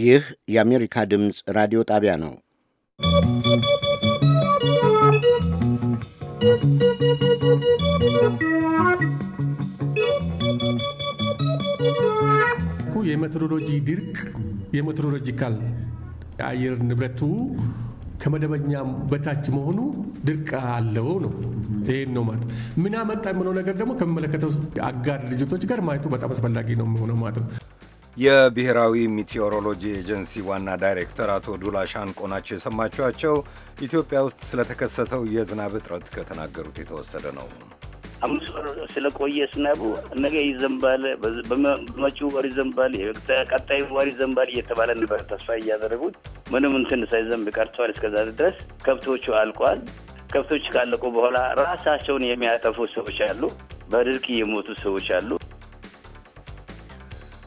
ይህ የአሜሪካ ድምፅ ራዲዮ ጣቢያ ነው። የሜትሮሎጂ ድርቅ የሜትሮሎጂካል የአየር ንብረቱ ከመደበኛ በታች መሆኑ ድርቅ አለው ነው። ይህን ነው ማለት ምን ያመጣ የምለው ነገር ደግሞ ከሚመለከተው አጋር ድርጅቶች ጋር ማየቱ በጣም አስፈላጊ ነው የሚሆነው ማለት ነው። የብሔራዊ ሚቴዎሮሎጂ ኤጀንሲ ዋና ዳይሬክተር አቶ ዱላ ሻንቆ ናቸው የሰማችኋቸው። ኢትዮጵያ ውስጥ ስለተከሰተው የዝናብ እጥረት ከተናገሩት የተወሰደ ነው። አምስት ወር ስለቆየ ዝናቡ ነገ ይዘንባል፣ በመጪው ወር ይዘንባል፣ ቀጣይ ወር ይዘንባል እየተባለ ነበር ተስፋ እያደረጉት ምንም እንትን ሳይዘንብ ቀርተዋል። እስከዛ ድረስ ከብቶቹ አልቋል። ከብቶች ካለቁ በኋላ ራሳቸውን የሚያጠፉ ሰዎች አሉ፣ በድርቅ የሞቱ ሰዎች አሉ።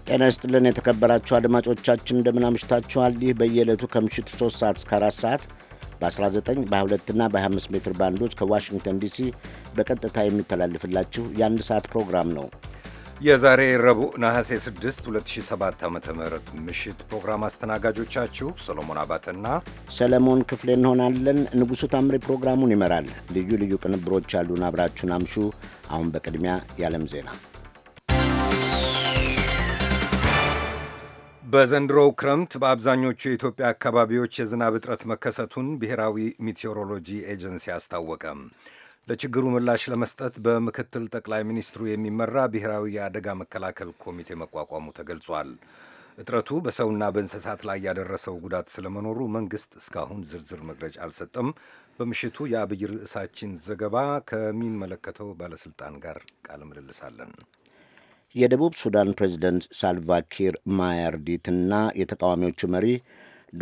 ጤና ይስጥልን የተከበራችሁ አድማጮቻችን እንደምን አምሽታችኋል። ይህ በየዕለቱ ከምሽቱ 3 ሰዓት እስከ 4 ሰዓት በ19 2 ና በ25 ሜትር ባንዶች ከዋሽንግተን ዲሲ በቀጥታ የሚተላልፍላችሁ የአንድ ሰዓት ፕሮግራም ነው። የዛሬ ረቡዕ ነሐሴ 6 2007 ዓ ም ምሽት ፕሮግራም አስተናጋጆቻችሁ ሰሎሞን አባተና ሰለሞን ክፍሌ እንሆናለን። ንጉሡ ታምሬ ፕሮግራሙን ይመራል። ልዩ ልዩ ቅንብሮች ያሉን አብራችሁን አምሹ። አሁን በቅድሚያ የዓለም ዜና በዘንድሮው ክረምት በአብዛኞቹ የኢትዮጵያ አካባቢዎች የዝናብ እጥረት መከሰቱን ብሔራዊ ሚቴዎሮሎጂ ኤጀንሲ አስታወቀ። ለችግሩ ምላሽ ለመስጠት በምክትል ጠቅላይ ሚኒስትሩ የሚመራ ብሔራዊ የአደጋ መከላከል ኮሚቴ መቋቋሙ ተገልጿል። እጥረቱ በሰውና በእንስሳት ላይ ያደረሰው ጉዳት ስለመኖሩ መንግስት እስካሁን ዝርዝር መግለጫ አልሰጠም። በምሽቱ የአብይ ርዕሳችን ዘገባ ከሚመለከተው ባለስልጣን ጋር ቃለ ምልልሳለን። የደቡብ ሱዳን ፕሬዚደንት ሳልቫኪር ማያርዲትና የተቃዋሚዎቹ መሪ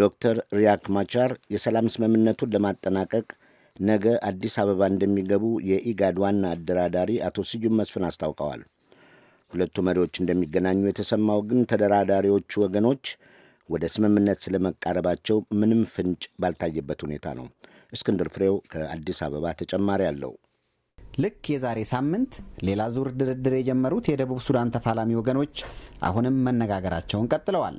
ዶክተር ሪያክ ማቻር የሰላም ስምምነቱን ለማጠናቀቅ ነገ አዲስ አበባ እንደሚገቡ የኢጋድ ዋና አደራዳሪ አቶ ስዩም መስፍን አስታውቀዋል። ሁለቱ መሪዎች እንደሚገናኙ የተሰማው ግን ተደራዳሪዎቹ ወገኖች ወደ ስምምነት ስለመቃረባቸው ምንም ፍንጭ ባልታየበት ሁኔታ ነው። እስክንድር ፍሬው ከአዲስ አበባ ተጨማሪ አለው። ልክ የዛሬ ሳምንት ሌላ ዙር ድርድር የጀመሩት የደቡብ ሱዳን ተፋላሚ ወገኖች አሁንም መነጋገራቸውን ቀጥለዋል።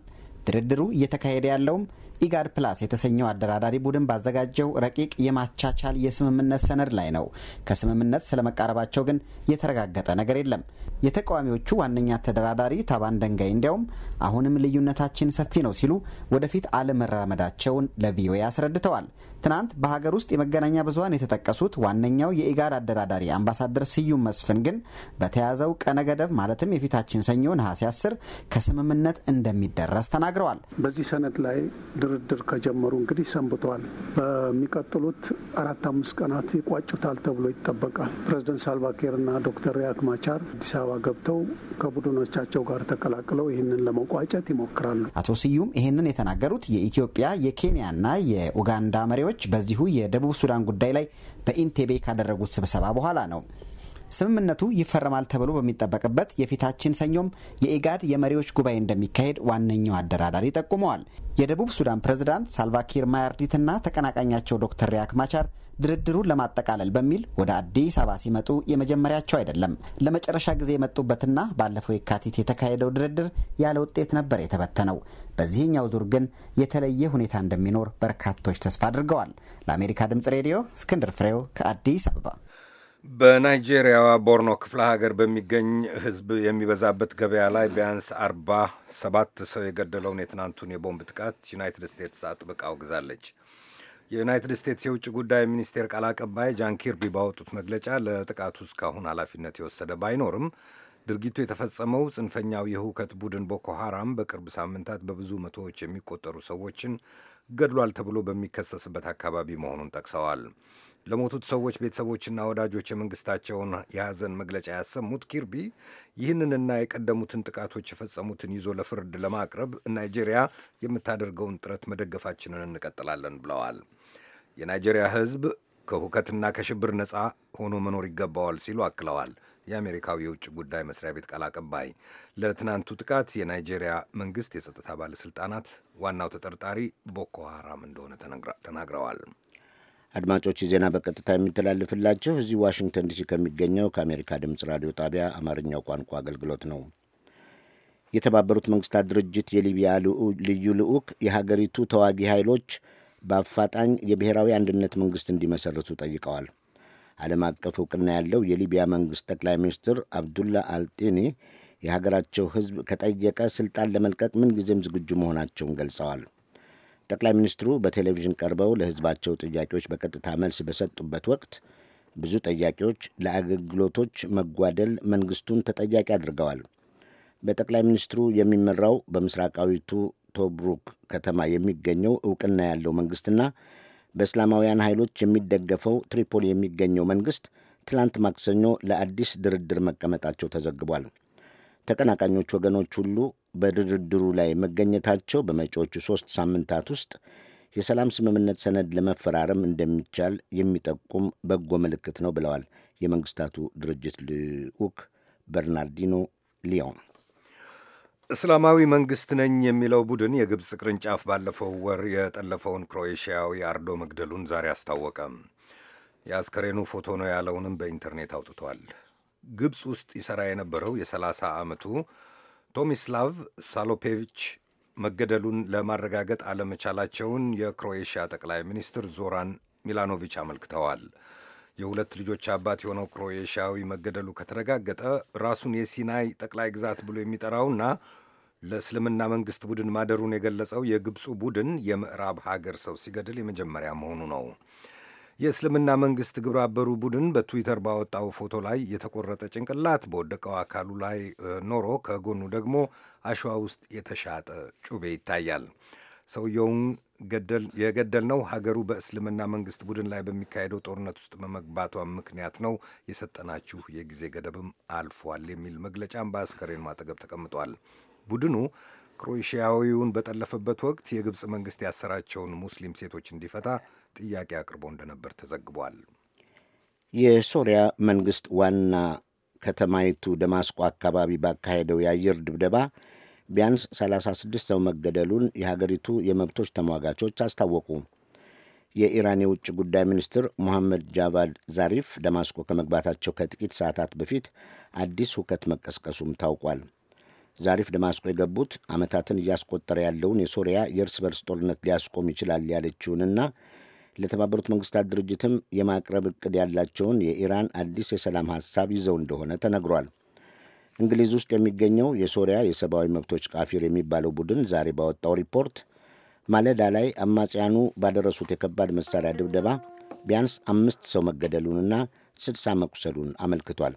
ድርድሩ እየተካሄደ ያለውም ኢጋድ ፕላስ የተሰኘው አደራዳሪ ቡድን ባዘጋጀው ረቂቅ የማቻቻል የስምምነት ሰነድ ላይ ነው። ከስምምነት ስለመቃረባቸው ግን የተረጋገጠ ነገር የለም። የተቃዋሚዎቹ ዋነኛ ተደራዳሪ ታባን ደንጋይ እንዲያውም አሁንም ልዩነታችን ሰፊ ነው ሲሉ ወደፊት አለመራመዳቸውን ለቪኦኤ አስረድተዋል። ትናንት በሀገር ውስጥ የመገናኛ ብዙሀን የተጠቀሱት ዋነኛው የኢጋድ አደራዳሪ አምባሳደር ስዩም መስፍን ግን በተያዘው ቀነ ገደብ ማለትም የፊታችን ሰኞ ነሐሴ አስር ከስምምነት እንደሚደረስ ተናግረዋል። በዚህ ሰነድ ላይ ድርድር ከጀመሩ እንግዲህ ሰንብተዋል። በሚቀጥሉት አራት አምስት ቀናት ይቋጩታል ተብሎ ይጠበቃል። ፕሬዚደንት ሳልቫኪርና ዶክተር ሪያክ ማቻር አዲስ አበባ ገብተው ከቡድኖቻቸው ጋር ተቀላቅለው ይህንን ለመቋጨት ይሞክራሉ። አቶ ስዩም ይህንን የተናገሩት የኢትዮጵያ የኬንያና የኡጋንዳ መሪዎች መሪዎች በዚሁ የደቡብ ሱዳን ጉዳይ ላይ በኢንቴቤ ካደረጉት ስብሰባ በኋላ ነው። ስምምነቱ ይፈረማል ተብሎ በሚጠበቅበት የፊታችን ሰኞም የኢጋድ የመሪዎች ጉባኤ እንደሚካሄድ ዋነኛው አደራዳሪ ጠቁመዋል። የደቡብ ሱዳን ፕሬዝዳንት ሳልቫኪር ማያርዲትና ተቀናቃኛቸው ዶክተር ሪያክ ማቻር ድርድሩን ለማጠቃለል በሚል ወደ አዲስ አበባ ሲመጡ የመጀመሪያቸው አይደለም። ለመጨረሻ ጊዜ የመጡበትና ባለፈው የካቲት የተካሄደው ድርድር ያለ ውጤት ነበር የተበተነው። በዚህኛው ዙር ግን የተለየ ሁኔታ እንደሚኖር በርካቶች ተስፋ አድርገዋል። ለአሜሪካ ድምጽ ሬዲዮ እስክንድር ፍሬው ከአዲስ አበባ በናይጄሪያዋ ቦርኖ ክፍለ ሀገር በሚገኝ ሕዝብ የሚበዛበት ገበያ ላይ ቢያንስ አርባ ሰባት ሰው የገደለውን የትናንቱን የቦምብ ጥቃት ዩናይትድ ስቴትስ አጥብቃ አውግዛለች። የዩናይትድ ስቴትስ የውጭ ጉዳይ ሚኒስቴር ቃል አቀባይ ጃን ኪርቢ ባወጡት መግለጫ ለጥቃቱ እስካሁን ኃላፊነት የወሰደ ባይኖርም ድርጊቱ የተፈጸመው ጽንፈኛው የሁከት ቡድን ቦኮ ሃራም በቅርብ ሳምንታት በብዙ መቶዎች የሚቆጠሩ ሰዎችን ገድሏል ተብሎ በሚከሰስበት አካባቢ መሆኑን ጠቅሰዋል። ለሞቱት ሰዎች ቤተሰቦችና ወዳጆች የመንግስታቸውን የሐዘን መግለጫ ያሰሙት ኪርቢ ይህንንና የቀደሙትን ጥቃቶች የፈጸሙትን ይዞ ለፍርድ ለማቅረብ ናይጄሪያ የምታደርገውን ጥረት መደገፋችንን እንቀጥላለን ብለዋል። የናይጄሪያ ሕዝብ ከሁከትና ከሽብር ነፃ ሆኖ መኖር ይገባዋል ሲሉ አክለዋል። የአሜሪካው የውጭ ጉዳይ መስሪያ ቤት ቃል አቀባይ ለትናንቱ ጥቃት የናይጄሪያ መንግስት የጸጥታ ባለሥልጣናት ዋናው ተጠርጣሪ ቦኮ ሃራም እንደሆነ ተናግረዋል። አድማጮች ዜና በቀጥታ የሚተላለፍላቸው እዚህ ዋሽንግተን ዲሲ ከሚገኘው ከአሜሪካ ድምፅ ራዲዮ ጣቢያ አማርኛው ቋንቋ አገልግሎት ነው። የተባበሩት መንግስታት ድርጅት የሊቢያ ልዩ ልዑክ የሀገሪቱ ተዋጊ ኃይሎች በአፋጣኝ የብሔራዊ አንድነት መንግስት እንዲመሰርቱ ጠይቀዋል። ዓለም አቀፍ እውቅና ያለው የሊቢያ መንግስት ጠቅላይ ሚኒስትር አብዱላ አልጢኒ የሀገራቸው ህዝብ ከጠየቀ ስልጣን ለመልቀቅ ምንጊዜም ዝግጁ መሆናቸውን ገልጸዋል። ጠቅላይ ሚኒስትሩ በቴሌቪዥን ቀርበው ለሕዝባቸው ጥያቄዎች በቀጥታ መልስ በሰጡበት ወቅት ብዙ ጥያቄዎች ለአገልግሎቶች መጓደል መንግስቱን ተጠያቂ አድርገዋል። በጠቅላይ ሚኒስትሩ የሚመራው በምስራቃዊቱ ቶብሩክ ከተማ የሚገኘው እውቅና ያለው መንግስትና በእስላማውያን ኃይሎች የሚደገፈው ትሪፖሊ የሚገኘው መንግስት ትላንት ማክሰኞ ለአዲስ ድርድር መቀመጣቸው ተዘግቧል። ተቀናቃኞች ወገኖች ሁሉ በድርድሩ ላይ መገኘታቸው በመጪዎቹ ሦስት ሳምንታት ውስጥ የሰላም ስምምነት ሰነድ ለመፈራረም እንደሚቻል የሚጠቁም በጎ ምልክት ነው ብለዋል የመንግስታቱ ድርጅት ልዑክ በርናርዲኖ ሊዮን። እስላማዊ መንግስት ነኝ የሚለው ቡድን የግብፅ ቅርንጫፍ ባለፈው ወር የጠለፈውን ክሮኤሽያዊ አርዶ መግደሉን ዛሬ አስታወቀ። የአስከሬኑ ፎቶ ነው ያለውንም በኢንተርኔት አውጥቷል። ግብፅ ውስጥ ይሠራ የነበረው የ30 ዓመቱ ቶሚስላቭ ሳሎፔቪች መገደሉን ለማረጋገጥ አለመቻላቸውን የክሮኤሽያ ጠቅላይ ሚኒስትር ዞራን ሚላኖቪች አመልክተዋል። የሁለት ልጆች አባት የሆነው ክሮኤሽያዊ መገደሉ ከተረጋገጠ ራሱን የሲናይ ጠቅላይ ግዛት ብሎ የሚጠራውና ለእስልምና መንግስት ቡድን ማደሩን የገለጸው የግብፁ ቡድን የምዕራብ ሀገር ሰው ሲገድል የመጀመሪያ መሆኑ ነው። የእስልምና መንግስት ግብረ አበሩ ቡድን በትዊተር ባወጣው ፎቶ ላይ የተቆረጠ ጭንቅላት በወደቀው አካሉ ላይ ኖሮ ከጎኑ ደግሞ አሸዋ ውስጥ የተሻጠ ጩቤ ይታያል። ሰውየውን የገደልነው ሀገሩ በእስልምና መንግስት ቡድን ላይ በሚካሄደው ጦርነት ውስጥ በመግባቷ ምክንያት ነው፣ የሰጠናችሁ የጊዜ ገደብም አልፏል የሚል መግለጫም በአስከሬን አጠገብ ተቀምጧል። ቡድኑ ክሮኤሽያዊውን በጠለፈበት ወቅት የግብፅ መንግስት ያሰራቸውን ሙስሊም ሴቶች እንዲፈታ ጥያቄ አቅርቦ እንደነበር ተዘግቧል። የሶሪያ መንግሥት ዋና ከተማይቱ ደማስቆ አካባቢ ባካሄደው የአየር ድብደባ ቢያንስ 36 ሰው መገደሉን የሀገሪቱ የመብቶች ተሟጋቾች አስታወቁ። የኢራን የውጭ ጉዳይ ሚኒስትር ሞሐመድ ጃቫድ ዛሪፍ ደማስቆ ከመግባታቸው ከጥቂት ሰዓታት በፊት አዲስ ሁከት መቀስቀሱም ታውቋል። ዛሪፍ ደማስቆ የገቡት ዓመታትን እያስቆጠረ ያለውን የሶሪያ የእርስ በርስ ጦርነት ሊያስቆም ይችላል ያለችውንና ለተባበሩት መንግስታት ድርጅትም የማቅረብ እቅድ ያላቸውን የኢራን አዲስ የሰላም ሐሳብ ይዘው እንደሆነ ተነግሯል። እንግሊዝ ውስጥ የሚገኘው የሶሪያ የሰብአዊ መብቶች ቃፊር የሚባለው ቡድን ዛሬ ባወጣው ሪፖርት ማለዳ ላይ አማጽያኑ ባደረሱት የከባድ መሳሪያ ድብደባ ቢያንስ አምስት ሰው መገደሉንና ስድሳ መቁሰሉን አመልክቷል።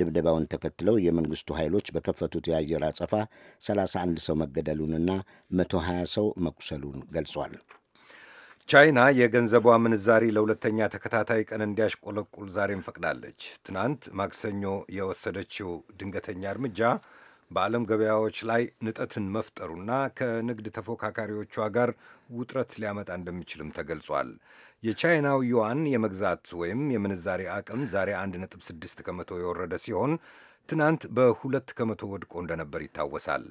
ድብደባውን ተከትለው የመንግሥቱ ኃይሎች በከፈቱት የአየር አጸፋ 31 ሰው መገደሉንና 120 ሰው መቁሰሉን ገልጿል። ቻይና የገንዘቧ ምንዛሪ ለሁለተኛ ተከታታይ ቀን እንዲያሽቆለቁል ዛሬም ፈቅዳለች። ትናንት ማክሰኞ የወሰደችው ድንገተኛ እርምጃ በዓለም ገበያዎች ላይ ንጠትን መፍጠሩና ከንግድ ተፎካካሪዎቿ ጋር ውጥረት ሊያመጣ እንደሚችልም ተገልጿል። የቻይናው ዩዋን የመግዛት ወይም የምንዛሪ አቅም ዛሬ 1.6 ከመቶ የወረደ ሲሆን ትናንት በሁለት ከመቶ ወድቆ እንደነበር ይታወሳል።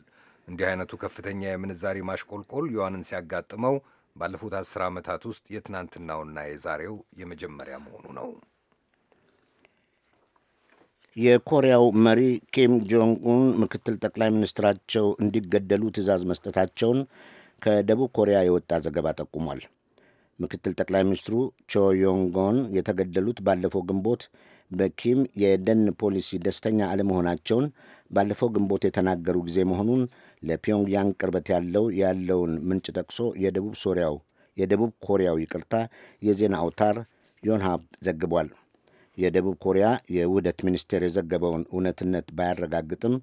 እንዲህ አይነቱ ከፍተኛ የምንዛሪ ማሽቆልቆል ዩዋንን ሲያጋጥመው ባለፉት አስር ዓመታት ውስጥ የትናንትናውና የዛሬው የመጀመሪያ መሆኑ ነው። የኮሪያው መሪ ኪም ጆንግ ኡን ምክትል ጠቅላይ ሚኒስትራቸው እንዲገደሉ ትዕዛዝ መስጠታቸውን ከደቡብ ኮሪያ የወጣ ዘገባ ጠቁሟል። ምክትል ጠቅላይ ሚኒስትሩ ቾ ዮንጎን የተገደሉት ባለፈው ግንቦት በኪም የደን ፖሊሲ ደስተኛ አለመሆናቸውን ባለፈው ግንቦት የተናገሩ ጊዜ መሆኑን ለፒዮንግያንግ ቅርበት ያለው ያለውን ምንጭ ጠቅሶ የደቡብ ሶሪያው የደቡብ ኮሪያው ይቅርታ የዜና አውታር ዮንሃብ ዘግቧል። የደቡብ ኮሪያ የውህደት ሚኒስቴር የዘገበውን እውነትነት ባያረጋግጥም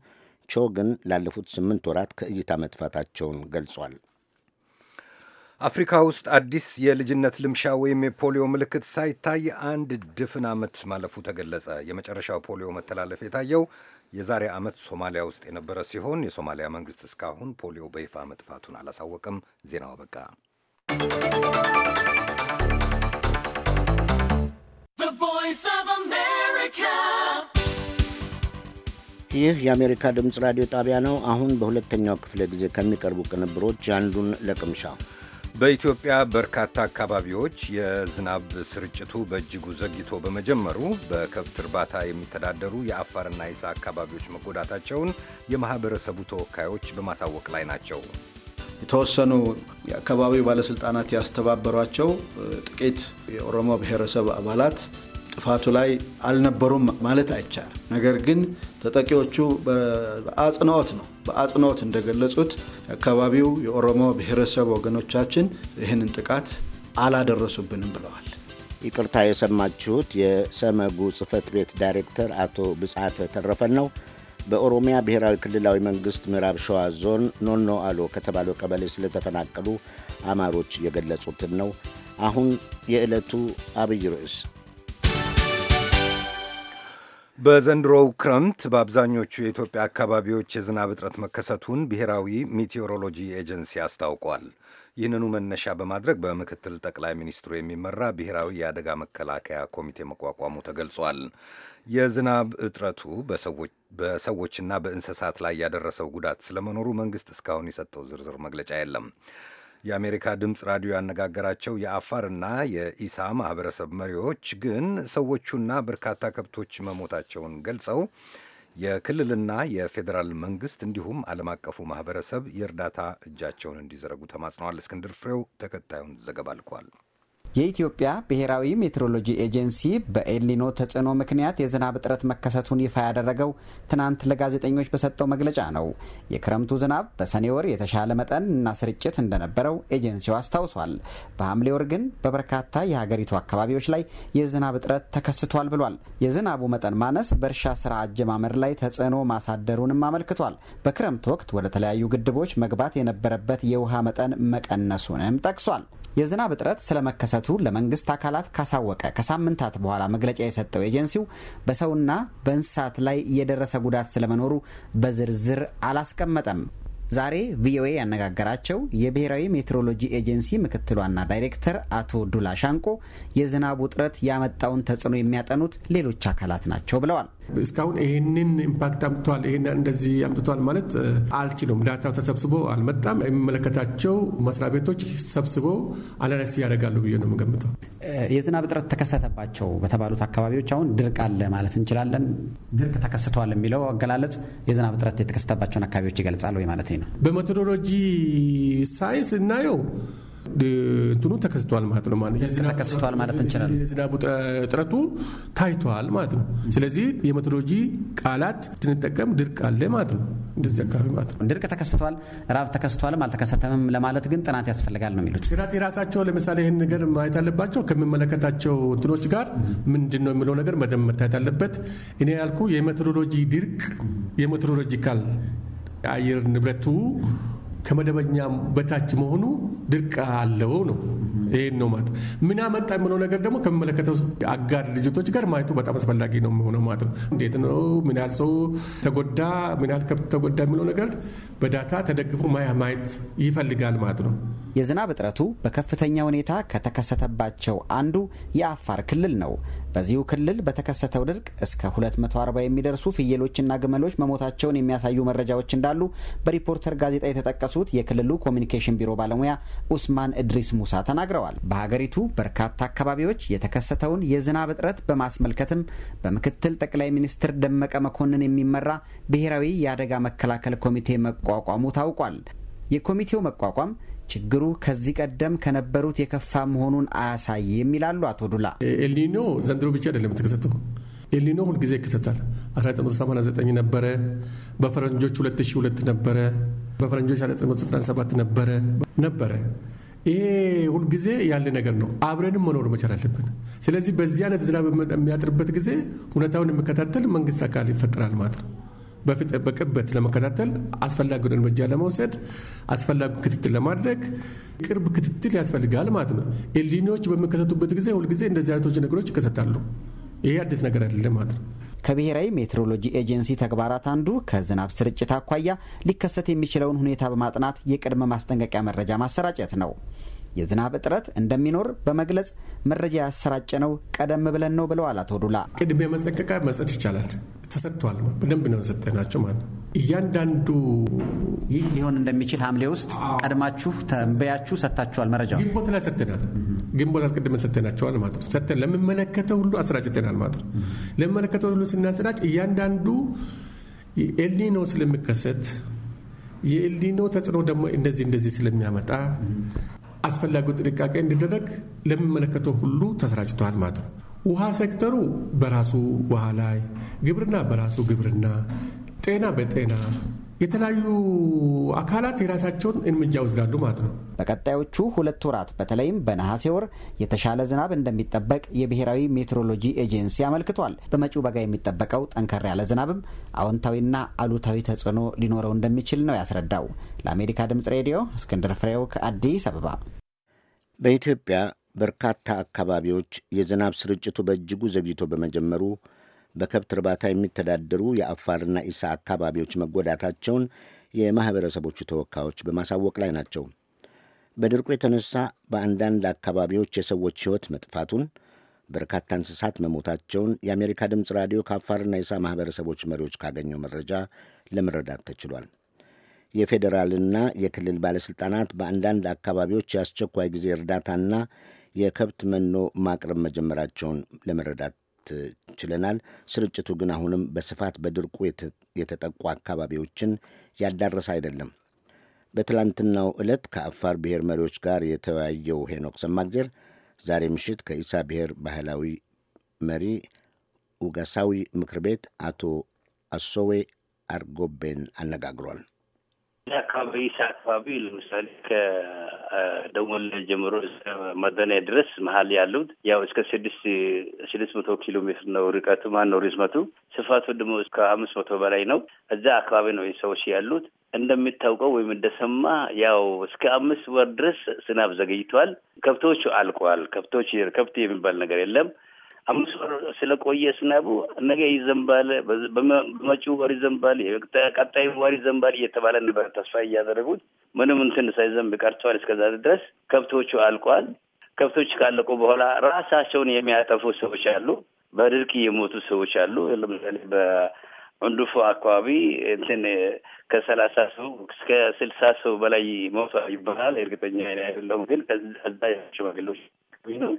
ቾ ግን ላለፉት ስምንት ወራት ከእይታ መጥፋታቸውን ገልጿል። አፍሪካ ውስጥ አዲስ የልጅነት ልምሻ ወይም የፖሊዮ ምልክት ሳይታይ አንድ ድፍን ዓመት ማለፉ ተገለጸ። የመጨረሻው ፖሊዮ መተላለፍ የታየው የዛሬ ዓመት ሶማሊያ ውስጥ የነበረ ሲሆን የሶማሊያ መንግስት እስካሁን ፖሊዮ በይፋ መጥፋቱን አላሳወቅም። ዜናው አበቃ። ይህ የአሜሪካ ድምፅ ራዲዮ ጣቢያ ነው። አሁን በሁለተኛው ክፍለ ጊዜ ከሚቀርቡ ቅንብሮች አንዱን ለቅምሻ በኢትዮጵያ በርካታ አካባቢዎች የዝናብ ስርጭቱ በእጅጉ ዘግይቶ በመጀመሩ በከብት እርባታ የሚተዳደሩ የአፋርና ይሳ አካባቢዎች መጎዳታቸውን የማኅበረሰቡ ተወካዮች በማሳወቅ ላይ ናቸው። የተወሰኑ የአካባቢው ባለሥልጣናት ያስተባበሯቸው ጥቂት የኦሮሞ ብሔረሰብ አባላት ጥፋቱ ላይ አልነበሩም ማለት አይቻልም። ነገር ግን ተጠቂዎቹ በአጽንኦት ነው በአጽንኦት እንደገለጹት አካባቢው የኦሮሞ ብሔረሰብ ወገኖቻችን ይህንን ጥቃት አላደረሱብንም ብለዋል። ይቅርታ የሰማችሁት የሰመጉ ጽህፈት ቤት ዳይሬክተር አቶ ብጻተ ተረፈን ነው። በኦሮሚያ ብሔራዊ ክልላዊ መንግስት ምዕራብ ሸዋ ዞን ኖኖ አሎ ከተባለው ቀበሌ ስለተፈናቀሉ አማሮች የገለጹትን ነው። አሁን የዕለቱ አብይ ርዕስ በዘንድሮው ክረምት በአብዛኞቹ የኢትዮጵያ አካባቢዎች የዝናብ እጥረት መከሰቱን ብሔራዊ ሚቴዎሮሎጂ ኤጀንሲ አስታውቋል። ይህንኑ መነሻ በማድረግ በምክትል ጠቅላይ ሚኒስትሩ የሚመራ ብሔራዊ የአደጋ መከላከያ ኮሚቴ መቋቋሙ ተገልጿል። የዝናብ እጥረቱ በሰዎችና በእንስሳት ላይ ያደረሰው ጉዳት ስለመኖሩ መንግስት እስካሁን የሰጠው ዝርዝር መግለጫ የለም። የአሜሪካ ድምፅ ራዲዮ ያነጋገራቸው የአፋርና የኢሳ ማህበረሰብ መሪዎች ግን ሰዎቹና በርካታ ከብቶች መሞታቸውን ገልጸው የክልልና የፌዴራል መንግስት እንዲሁም ዓለም አቀፉ ማህበረሰብ የእርዳታ እጃቸውን እንዲዘረጉ ተማጽነዋል። እስክንድር ፍሬው ተከታዩን ዘገባ ልኳል። የኢትዮጵያ ብሔራዊ ሜትሮሎጂ ኤጀንሲ በኤልኒኖ ተጽዕኖ ምክንያት የዝናብ እጥረት መከሰቱን ይፋ ያደረገው ትናንት ለጋዜጠኞች በሰጠው መግለጫ ነው። የክረምቱ ዝናብ በሰኔ ወር የተሻለ መጠን እና ስርጭት እንደነበረው ኤጀንሲው አስታውሷል። በሐምሌ ወር ግን በበርካታ የሀገሪቱ አካባቢዎች ላይ የዝናብ እጥረት ተከስቷል ብሏል። የዝናቡ መጠን ማነስ በእርሻ ስራ አጀማመር ላይ ተጽዕኖ ማሳደሩንም አመልክቷል። በክረምት ወቅት ወደ ተለያዩ ግድቦች መግባት የነበረበት የውሃ መጠን መቀነሱንም ጠቅሷል። የዝናብ እጥረት ስለመከሰ መከሰቱ ለመንግስት አካላት ካሳወቀ ከሳምንታት በኋላ መግለጫ የሰጠው ኤጀንሲው በሰውና በእንስሳት ላይ የደረሰ ጉዳት ስለመኖሩ በዝርዝር አላስቀመጠም። ዛሬ ቪኦኤ ያነጋገራቸው የብሔራዊ ሜትሮሎጂ ኤጀንሲ ምክትል ዋና ዳይሬክተር አቶ ዱላ ሻንቆ የዝናቡ ውጥረት ያመጣውን ተጽዕኖ የሚያጠኑት ሌሎች አካላት ናቸው ብለዋል። እስካሁን ይህንን ኢምፓክት አምጥቷል፣ ይህ እንደዚህ አምጥቷል ማለት አልችሉም። ዳታው ተሰብስቦ አልመጣም። የሚመለከታቸው መስሪያ ቤቶች ሰብስቦ አናላይስ ያደርጋሉ ብዬ ነው የምገምተው። የዝናብ እጥረት ተከሰተባቸው በተባሉት አካባቢዎች አሁን ድርቅ አለ ማለት እንችላለን። ድርቅ ተከስተዋል የሚለው አገላለጽ የዝናብ እጥረት የተከሰተባቸውን አካባቢዎች ይገልጻል ወይ ማለት ነው? ነው። በሜቶዶሎጂ ሳይንስ እናየው እንትኑ ተከስቷል ማለት ነው። ተከስቷል ማለት እንችላለን። የዝናቡ እጥረቱ ታይቷል ማለት ነው። ስለዚህ የሜቶዶሎጂ ቃላት ትንጠቀም ድርቅ አለ ማለት ነው። እንደዚህ አካባቢ ማለት ነው። ድርቅ ተከስቷል፣ ራብ ተከስቷልም አልተከሰተምም ለማለት ግን ጥናት ያስፈልጋል ነው የሚሉት። ጥናት የራሳቸው ለምሳሌ ይህን ነገር ማየት አለባቸው። ከምመለከታቸው እንትኖች ጋር ምንድን ነው የሚለው ነገር መደብ መታየት አለበት። እኔ ያልኩ የሜቶዶሎጂ ድርቅ የሜቶዶሎጂካል የአየር ንብረቱ ከመደበኛ በታች መሆኑ ድርቅ አለው ነው። ይህን ነው ማለት ምን አመጣ የምለው ነገር ደግሞ ከሚመለከተው አጋር ድርጅቶች ጋር ማየቱ በጣም አስፈላጊ ነው የሚሆነው ማለት ነው። እንዴት ነው ምን ያህል ሰው ተጎዳ፣ ምን ያህል ከብት ተጎዳ የሚለው ነገር በዳታ ተደግፎ ማየት ይፈልጋል ማለት ነው። የዝናብ እጥረቱ በከፍተኛ ሁኔታ ከተከሰተባቸው አንዱ የአፋር ክልል ነው። በዚሁ ክልል በተከሰተው ድርቅ እስከ 240 የሚደርሱ ፍየሎችና ግመሎች መሞታቸውን የሚያሳዩ መረጃዎች እንዳሉ በሪፖርተር ጋዜጣ የተጠቀሱት የክልሉ ኮሚኒኬሽን ቢሮ ባለሙያ ኡስማን እድሪስ ሙሳ ተናግረዋል። በሀገሪቱ በርካታ አካባቢዎች የተከሰተውን የዝናብ እጥረት በማስመልከትም በምክትል ጠቅላይ ሚኒስትር ደመቀ መኮንን የሚመራ ብሔራዊ የአደጋ መከላከል ኮሚቴ መቋቋሙ ታውቋል። የኮሚቴው መቋቋም ችግሩ ከዚህ ቀደም ከነበሩት የከፋ መሆኑን አያሳይም ይላሉ አቶ ዱላ። ኤልኒኖ ዘንድሮ ብቻ አይደለም የተከሰተው። ኤልኒኖ ሁልጊዜ ይከሰታል። 1989 ነበረ፣ በፈረንጆች 2002 ነበረ፣ በፈረንጆች 1997 ነበረ ነበረ ይሄ ሁልጊዜ ያለ ነገር ነው። አብረንም መኖር መቻል አለብን። ስለዚህ በዚህ አይነት ዝናብ የሚያጥርበት ጊዜ ሁኔታውን የሚከታተል መንግስት አካል ይፈጠራል ማለት ነው። በቅርበት ለመከታተል አስፈላጊውን እርምጃ ለመውሰድ አስፈላጊ ክትትል ለማድረግ ቅርብ ክትትል ያስፈልጋል ማለት ነው። ኤልኒኞች በሚከሰቱበት ጊዜ ሁልጊዜ እንደዚህ አይነቶች ነገሮች ይከሰታሉ። ይሄ አዲስ ነገር አይደለም ማለት ነው። ከብሔራዊ ሜትሮሎጂ ኤጀንሲ ተግባራት አንዱ ከዝናብ ስርጭት አኳያ ሊከሰት የሚችለውን ሁኔታ በማጥናት የቅድመ ማስጠንቀቂያ መረጃ ማሰራጨት ነው። የዝናብ እጥረት እንደሚኖር በመግለጽ መረጃ ያሰራጨ ነው ቀደም ብለን ነው ብለዋል አቶ ዱላ። ቅድመ ማስጠንቀቂያ መስጠት ይቻላል። ተሰጥቷል። በደንብ ነው የሰጠናቸው ማለት እያንዳንዱ ይህ ሊሆን እንደሚችል ሐምሌ ውስጥ ቀድማችሁ ተንበያችሁ ሰጥታችኋል። መረጃ ግንቦት ላይ ሰጥተናል። ግንቦት አስቀድመን ሰጥተናቸዋል ማለት ነው። ሰጥተን ለሚመለከተው ሁሉ አሰራጭተናል ማለት ነው። ለሚመለከተው ሁሉ ስናስራጭ እያንዳንዱ ኤልኒኖ ስለሚከሰት የኤልኒኖ ተጽዕኖ ደግሞ እንደዚህ እንደዚህ ስለሚያመጣ አስፈላጊው ጥንቃቄ እንዲደረግ ለሚመለከተው ሁሉ ተሰራጭተዋል ማለት ነው። ውሃ ሴክተሩ በራሱ ውሃ ላይ፣ ግብርና በራሱ ግብርና፣ ጤና በጤና የተለያዩ አካላት የራሳቸውን እርምጃ ወስዳሉ ማለት ነው። በቀጣዮቹ ሁለት ወራት በተለይም በነሐሴ ወር የተሻለ ዝናብ እንደሚጠበቅ የብሔራዊ ሜትሮሎጂ ኤጀንሲ አመልክቷል። በመጪው በጋ የሚጠበቀው ጠንከር ያለ ዝናብም አዎንታዊና አሉታዊ ተጽዕኖ ሊኖረው እንደሚችል ነው ያስረዳው። ለአሜሪካ ድምጽ ሬዲዮ እስክንድር ፍሬው ከአዲስ አበባ በኢትዮጵያ በርካታ አካባቢዎች የዝናብ ስርጭቱ በእጅጉ ዘግይቶ በመጀመሩ በከብት እርባታ የሚተዳደሩ የአፋርና ኢሳ አካባቢዎች መጎዳታቸውን የማኅበረሰቦቹ ተወካዮች በማሳወቅ ላይ ናቸው። በድርቁ የተነሳ በአንዳንድ አካባቢዎች የሰዎች ሕይወት መጥፋቱን፣ በርካታ እንስሳት መሞታቸውን የአሜሪካ ድምፅ ራዲዮ ከአፋርና ኢሳ ማኅበረሰቦች መሪዎች ካገኘው መረጃ ለመረዳት ተችሏል። የፌዴራልና የክልል ባለሥልጣናት በአንዳንድ አካባቢዎች የአስቸኳይ ጊዜ እርዳታና የከብት መኖ ማቅረብ መጀመራቸውን ለመረዳት ችለናል። ስርጭቱ ግን አሁንም በስፋት በድርቁ የተጠቁ አካባቢዎችን ያዳረሰ አይደለም። በትላንትናው ዕለት ከአፋር ብሔር መሪዎች ጋር የተወያየው ሄኖክ ሰማግዜር ዛሬ ምሽት ከኢሳ ብሔር ባህላዊ መሪ ኡጋሳዊ ምክር ቤት አቶ አሶዌ አርጎቤን አነጋግሯል። አካባቢ አካባቢ ለምሳሌ ከደወል ጀምሮ እስከ መደነ ድረስ መሀል ያሉት ያው እስከ ስድስት ስድስት መቶ ኪሎ ሜትር ነው ርቀቱ ማን ነው ርዝመቱ፣ ስፋቱ ደግሞ እስከ አምስት መቶ በላይ ነው። እዛ አካባቢ ነው ሰዎች ያሉት። እንደሚታውቀው ወይም እንደሰማ ያው እስከ አምስት ወር ድረስ ዝናብ ዘግይቷል። ከብቶቹ አልቋል። ከብቶች ከብት የሚባል ነገር የለም። አምስት ወር ስለቆየ ዝናቡ ነገ ይዘንባል፣ በመጪው ወር ይዘንባል፣ ቀጣይ ወር ይዘንባል እየተባለ ነበር ተስፋ እያደረጉት ምንም እንትን ሳይዘንብ ቀርተዋል። እስከዛ ድረስ ከብቶቹ አልቋል። ከብቶች ካለቁ በኋላ ራሳቸውን የሚያጠፉ ሰዎች አሉ። በድርቅ የሞቱ ሰዎች አሉ። ለምሳሌ በእንዱፎ አካባቢ እንትን ከሰላሳ ሰው እስከ ስልሳ ሰው በላይ ሞቷል ይባላል። እርግጠኛ አይደለሁም፣ ግን ከዛ ሽማግሌዎች ነው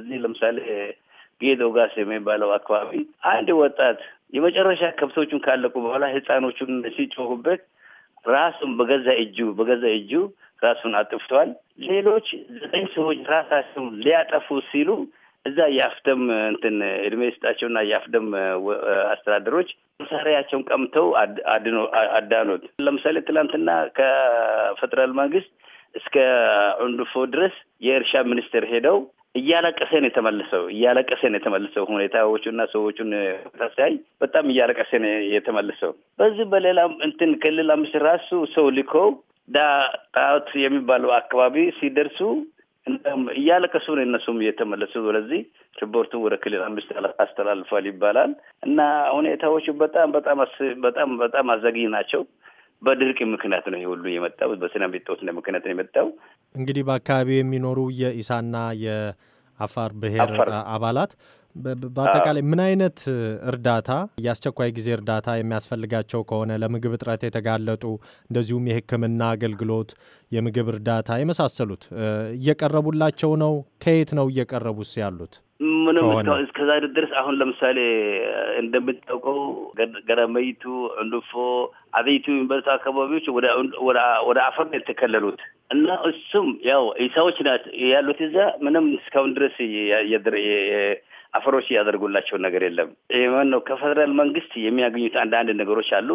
እዚህ ለምሳሌ ጌዶ ጋስ የሚባለው አካባቢ አንድ ወጣት የመጨረሻ ከብቶቹን ካለቁ በኋላ ህፃኖቹን ሲጮሁበት ራሱን በገዛ እጁ በገዛ እጁ ራሱን አጥፍተዋል። ሌሎች ዘጠኝ ሰዎች ራሳቸውን ሊያጠፉ ሲሉ እዛ የአፍደም እንትን እድሜ ስጣቸውና የአፍደም አስተዳደሮች መሳሪያቸውን ቀምተው አዳኖት። ለምሳሌ ትላንትና ከፌደራል መንግስት እስከ ዑንድፎ ድረስ የእርሻ ሚኒስቴር ሄደው እያለቀሰን የተመለሰው እያለቀሰን የተመለሰው ሁኔታዎቹና ሰዎቹን ታሳይ በጣም እያለቀሰን የተመለሰው በዚህ በሌላ እንትን ክልል አምስት ራሱ ሰው ልኮ ጣት የሚባለው አካባቢ ሲደርሱ እያለቀሱ ነው እነሱም እየተመለሱ። ስለዚህ ሪፖርቱን ወደ ክልል አምስት አስተላልፏል ይባላል እና ሁኔታዎቹ በጣም በጣም በጣም በጣም አዘግይ ናቸው። በድርቅ ምክንያት ነው ሁሉ የመጣው። በሰላም ጦት ምክንያት ነው የመጣው። እንግዲህ በአካባቢው የሚኖሩ የኢሳና የአፋር ብሔር አባላት በአጠቃላይ ምን አይነት እርዳታ የአስቸኳይ ጊዜ እርዳታ የሚያስፈልጋቸው ከሆነ ለምግብ እጥረት የተጋለጡ እንደዚሁም የሕክምና አገልግሎት፣ የምግብ እርዳታ የመሳሰሉት እየቀረቡላቸው ነው? ከየት ነው እየቀረቡስ ያሉት? ምንም እስከዛ ድረስ አሁን ለምሳሌ እንደምታውቀው ገረመይቱ፣ ዕንዱፎ፣ አብይቱ የሚበሉት አካባቢዎች ወደ አፈር ነው የተከለሉት እና እሱም ያው ሰዎች ናት ያሉት እዛ ምንም እስካሁን ድረስ አፈሮች እያደርጉላቸው ነገር የለም። ይህን ነው ከፌደራል መንግስት የሚያገኙት አንዳንድ ነገሮች አሉ።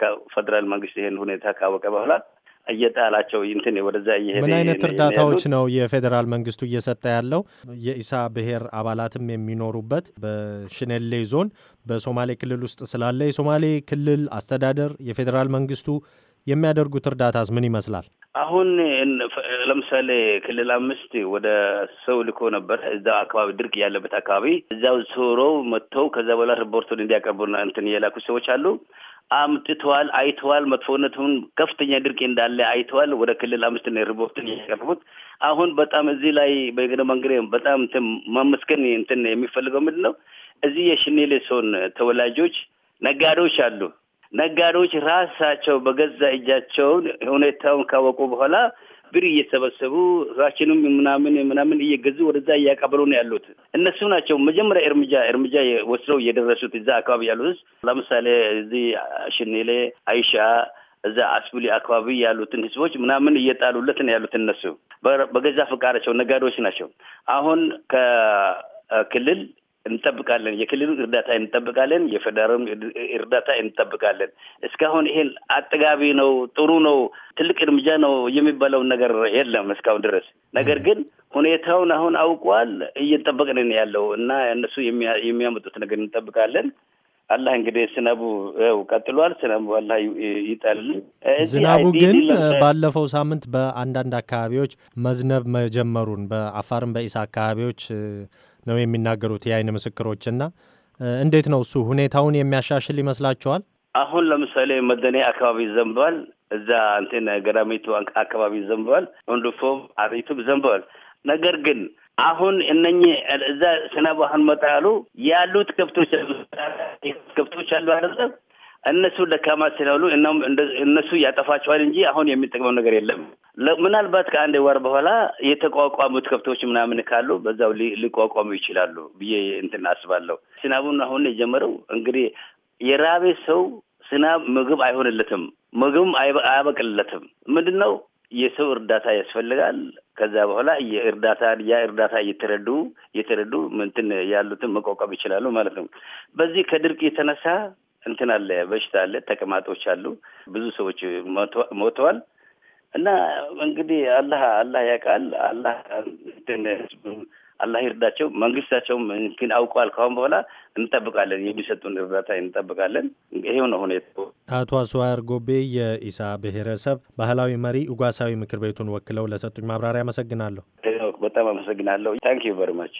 ከፌደራል መንግስት ይህን ሁኔታ ካወቀ በኋላ እየጣላቸው እንትን ወደዛ እየሄደ ምን አይነት እርዳታዎች ነው የፌዴራል መንግስቱ እየሰጠ ያለው? የኢሳ ብሔር አባላትም የሚኖሩበት በሽኔሌ ዞን በሶማሌ ክልል ውስጥ ስላለ የሶማሌ ክልል አስተዳደር የፌዴራል መንግስቱ የሚያደርጉት እርዳታስ ምን ይመስላል? አሁን ለምሳሌ ክልል አምስት ወደ ሰው ልኮ ነበር። እዛ አካባቢ ድርቅ ያለበት አካባቢ እዛው ዞረው መጥተው ከዛ በኋላ ሪፖርቱን እንዲያቀርቡና እንትን የላኩ ሰዎች አሉ። አምጥተዋል፣ አይተዋል። መጥፎነቱን ከፍተኛ ድርቅ እንዳለ አይተዋል። ወደ ክልል አምስት ነው ሪፖርትን ያቀረቡት። አሁን በጣም እዚህ ላይ በግነ መንገድ በጣም ማመስገን እንትን የሚፈልገው ምንድን ነው እዚህ የሽኔሌ ዞን ተወላጆች ነጋዴዎች አሉ። ነጋዴዎች ራሳቸው በገዛ እጃቸውን ሁኔታውን ካወቁ በኋላ ብር እየሰበሰቡ እራችንም ምናምን ምናምን እየገዙ ወደዛ እያቀበሉ ነው ያሉት። እነሱ ናቸው መጀመሪያ እርምጃ እርምጃ ወስደው እየደረሱት እዛ አካባቢ ያሉት ለምሳሌ እዚህ ሽኔሌ አይሻ እዛ አስቡሊ አካባቢ ያሉትን ህዝቦች ምናምን እየጣሉለት ነው ያሉት። እነሱ በገዛ ፈቃዳቸው ነጋዴዎች ናቸው። አሁን ከክልል እንጠብቃለን። የክልሉ እርዳታ እንጠብቃለን። የፌደራሉን እርዳታ እንጠብቃለን። እስካሁን ይሄን አጠጋቢ ነው፣ ጥሩ ነው፣ ትልቅ እርምጃ ነው የሚባለው ነገር የለም እስካሁን ድረስ። ነገር ግን ሁኔታውን አሁን አውቋል፣ እየጠበቅንን ያለው እና እነሱ የሚያመጡት ነገር እንጠብቃለን። አላህ እንግዲህ ስነቡ ው ቀጥሏል። ስነቡ አላህ ይጣልልኝ። ዝናቡ ግን ባለፈው ሳምንት በአንዳንድ አካባቢዎች መዝነብ መጀመሩን በአፋርም በኢሳ አካባቢዎች ነው የሚናገሩት የአይን ምስክሮችና እንዴት ነው እሱ ሁኔታውን የሚያሻሽል ይመስላችኋል? አሁን ለምሳሌ መደኔ አካባቢ ይዘንባል፣ እዛ እንትን ገዳሚቱ አካባቢ ይዘንባል፣ ወንዱፎ አሪቱ ይዘንባል። ነገር ግን አሁን እነኚህ እዛ ስነ ባህን መጣሉ ያሉት ከብቶች ከብቶች አሉ አይደለም እነሱ ደካማ ስለሆኑ እነሱ ያጠፋቸዋል እንጂ አሁን የሚጠቅመው ነገር የለም። ምናልባት ከአንድ ወር በኋላ የተቋቋሙት ከብቶች ምናምን ካሉ በዛው ሊቋቋሙ ይችላሉ ብዬ እንትን አስባለሁ። ስናቡን አሁን የጀመረው እንግዲህ የራቤ ሰው ስናብ ምግብ አይሆንለትም፣ ምግብም አያበቅልለትም። ምንድን ነው የሰው እርዳታ ያስፈልጋል። ከዛ በኋላ የእርዳታ ያ እርዳታ እየተረዱ እየተረዱ ምንትን ያሉትን መቋቋም ይችላሉ ማለት ነው። በዚህ ከድርቅ የተነሳ እንትን አለ፣ በሽታ አለ፣ ተቀማጦች አሉ፣ ብዙ ሰዎች ሞተዋል። እና እንግዲህ አላህ አላህ ያውቃል። አላህ አላህ ይርዳቸው። መንግስታቸውም ግን አውቀዋል። ከአሁን በኋላ እንጠብቃለን፣ የሚሰጡን እርዳታ እንጠብቃለን። ይሄው ነው ሁኔታው። አቶ አስዋር ጎቤ የኢሳ ብሔረሰብ ባህላዊ መሪ ኡጋሳዊ ምክር ቤቱን ወክለው ለሰጡኝ ማብራሪያ አመሰግናለሁ። በጣም አመሰግናለሁ። ታንክ ዩ ቨሪ ማች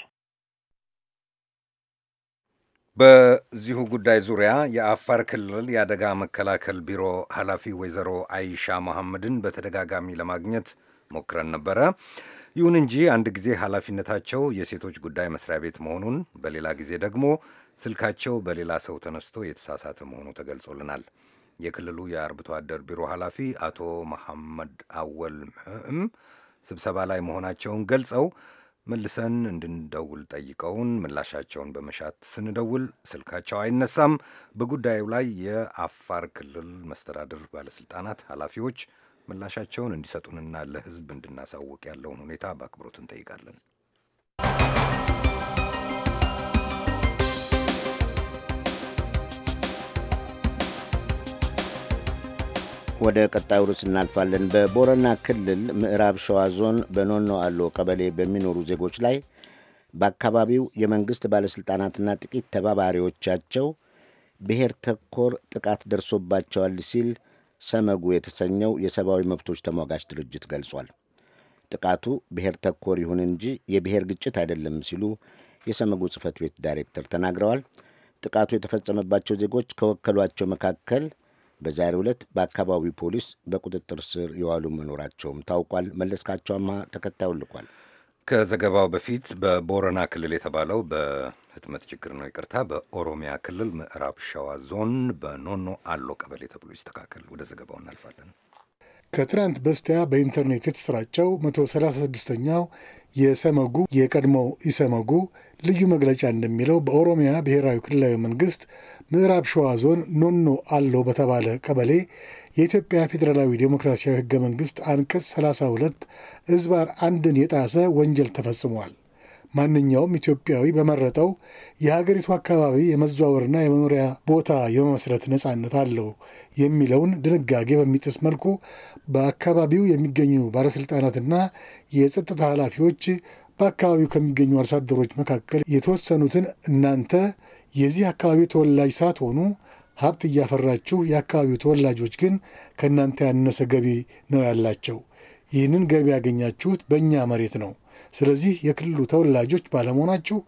በዚሁ ጉዳይ ዙሪያ የአፋር ክልል የአደጋ መከላከል ቢሮ ኃላፊ ወይዘሮ አይሻ መሐመድን በተደጋጋሚ ለማግኘት ሞክረን ነበረ። ይሁን እንጂ አንድ ጊዜ ኃላፊነታቸው የሴቶች ጉዳይ መስሪያ ቤት መሆኑን፣ በሌላ ጊዜ ደግሞ ስልካቸው በሌላ ሰው ተነስቶ የተሳሳተ መሆኑ ተገልጾልናል። የክልሉ የአርብቶ አደር ቢሮ ኃላፊ አቶ መሐመድ አወል ምህም ስብሰባ ላይ መሆናቸውን ገልጸው መልሰን እንድንደውል ጠይቀውን ምላሻቸውን በመሻት ስንደውል ስልካቸው አይነሳም። በጉዳዩ ላይ የአፋር ክልል መስተዳድር ባለስልጣናት ኃላፊዎች ምላሻቸውን እንዲሰጡንና ለሕዝብ እንድናሳውቅ ያለውን ሁኔታ በአክብሮት እንጠይቃለን። ወደ ቀጣዩ ርዕስ እናልፋለን። በቦረና ክልል ምዕራብ ሸዋ ዞን በኖኖ አሎ ቀበሌ በሚኖሩ ዜጎች ላይ በአካባቢው የመንግሥት ባለሥልጣናትና ጥቂት ተባባሪዎቻቸው ብሔር ተኮር ጥቃት ደርሶባቸዋል ሲል ሰመጉ የተሰኘው የሰብአዊ መብቶች ተሟጋች ድርጅት ገልጿል። ጥቃቱ ብሔር ተኮር ይሁን እንጂ የብሔር ግጭት አይደለም ሲሉ የሰመጉ ጽሕፈት ቤት ዳይሬክተር ተናግረዋል። ጥቃቱ የተፈጸመባቸው ዜጎች ከወከሏቸው መካከል በዛሬው ዕለት በአካባቢው ፖሊስ በቁጥጥር ስር የዋሉ መኖራቸውም ታውቋል። መለስካቸውማ ተከታዩ ልኳል። ከዘገባው በፊት በቦረና ክልል የተባለው በህትመት ችግር ነው፣ ይቅርታ፣ በኦሮሚያ ክልል ምዕራብ ሸዋ ዞን በኖኖ አሎ ቀበሌ ተብሎ ይስተካከል። ወደ ዘገባው እናልፋለን። ከትናንት በስቲያ በኢንተርኔት የተሰራጨው 136ኛው የሰመጉ የቀድሞው ኢሰመጉ ልዩ መግለጫ እንደሚለው በኦሮሚያ ብሔራዊ ክልላዊ መንግስት ምዕራብ ሸዋ ዞን ኖኖ አሎ በተባለ ቀበሌ የኢትዮጵያ ፌዴራላዊ ዴሞክራሲያዊ ህገ መንግስት አንቀጽ 32 እዝባር አንድን የጣሰ ወንጀል ተፈጽሟል። ማንኛውም ኢትዮጵያዊ በመረጠው የሀገሪቱ አካባቢ የመዘዋወርና የመኖሪያ ቦታ የመመስረት ነጻነት አለው የሚለውን ድንጋጌ በሚጥስ መልኩ በአካባቢው የሚገኙ ባለሥልጣናትና የጸጥታ ኃላፊዎች በአካባቢው ከሚገኙ አርሶ አደሮች መካከል የተወሰኑትን እናንተ የዚህ አካባቢ ተወላጅ ሳትሆኑ ሀብት እያፈራችሁ የአካባቢው ተወላጆች ግን ከእናንተ ያነሰ ገቢ ነው ያላቸው። ይህንን ገቢ ያገኛችሁት በእኛ መሬት ነው። ስለዚህ የክልሉ ተወላጆች ባለመሆናችሁ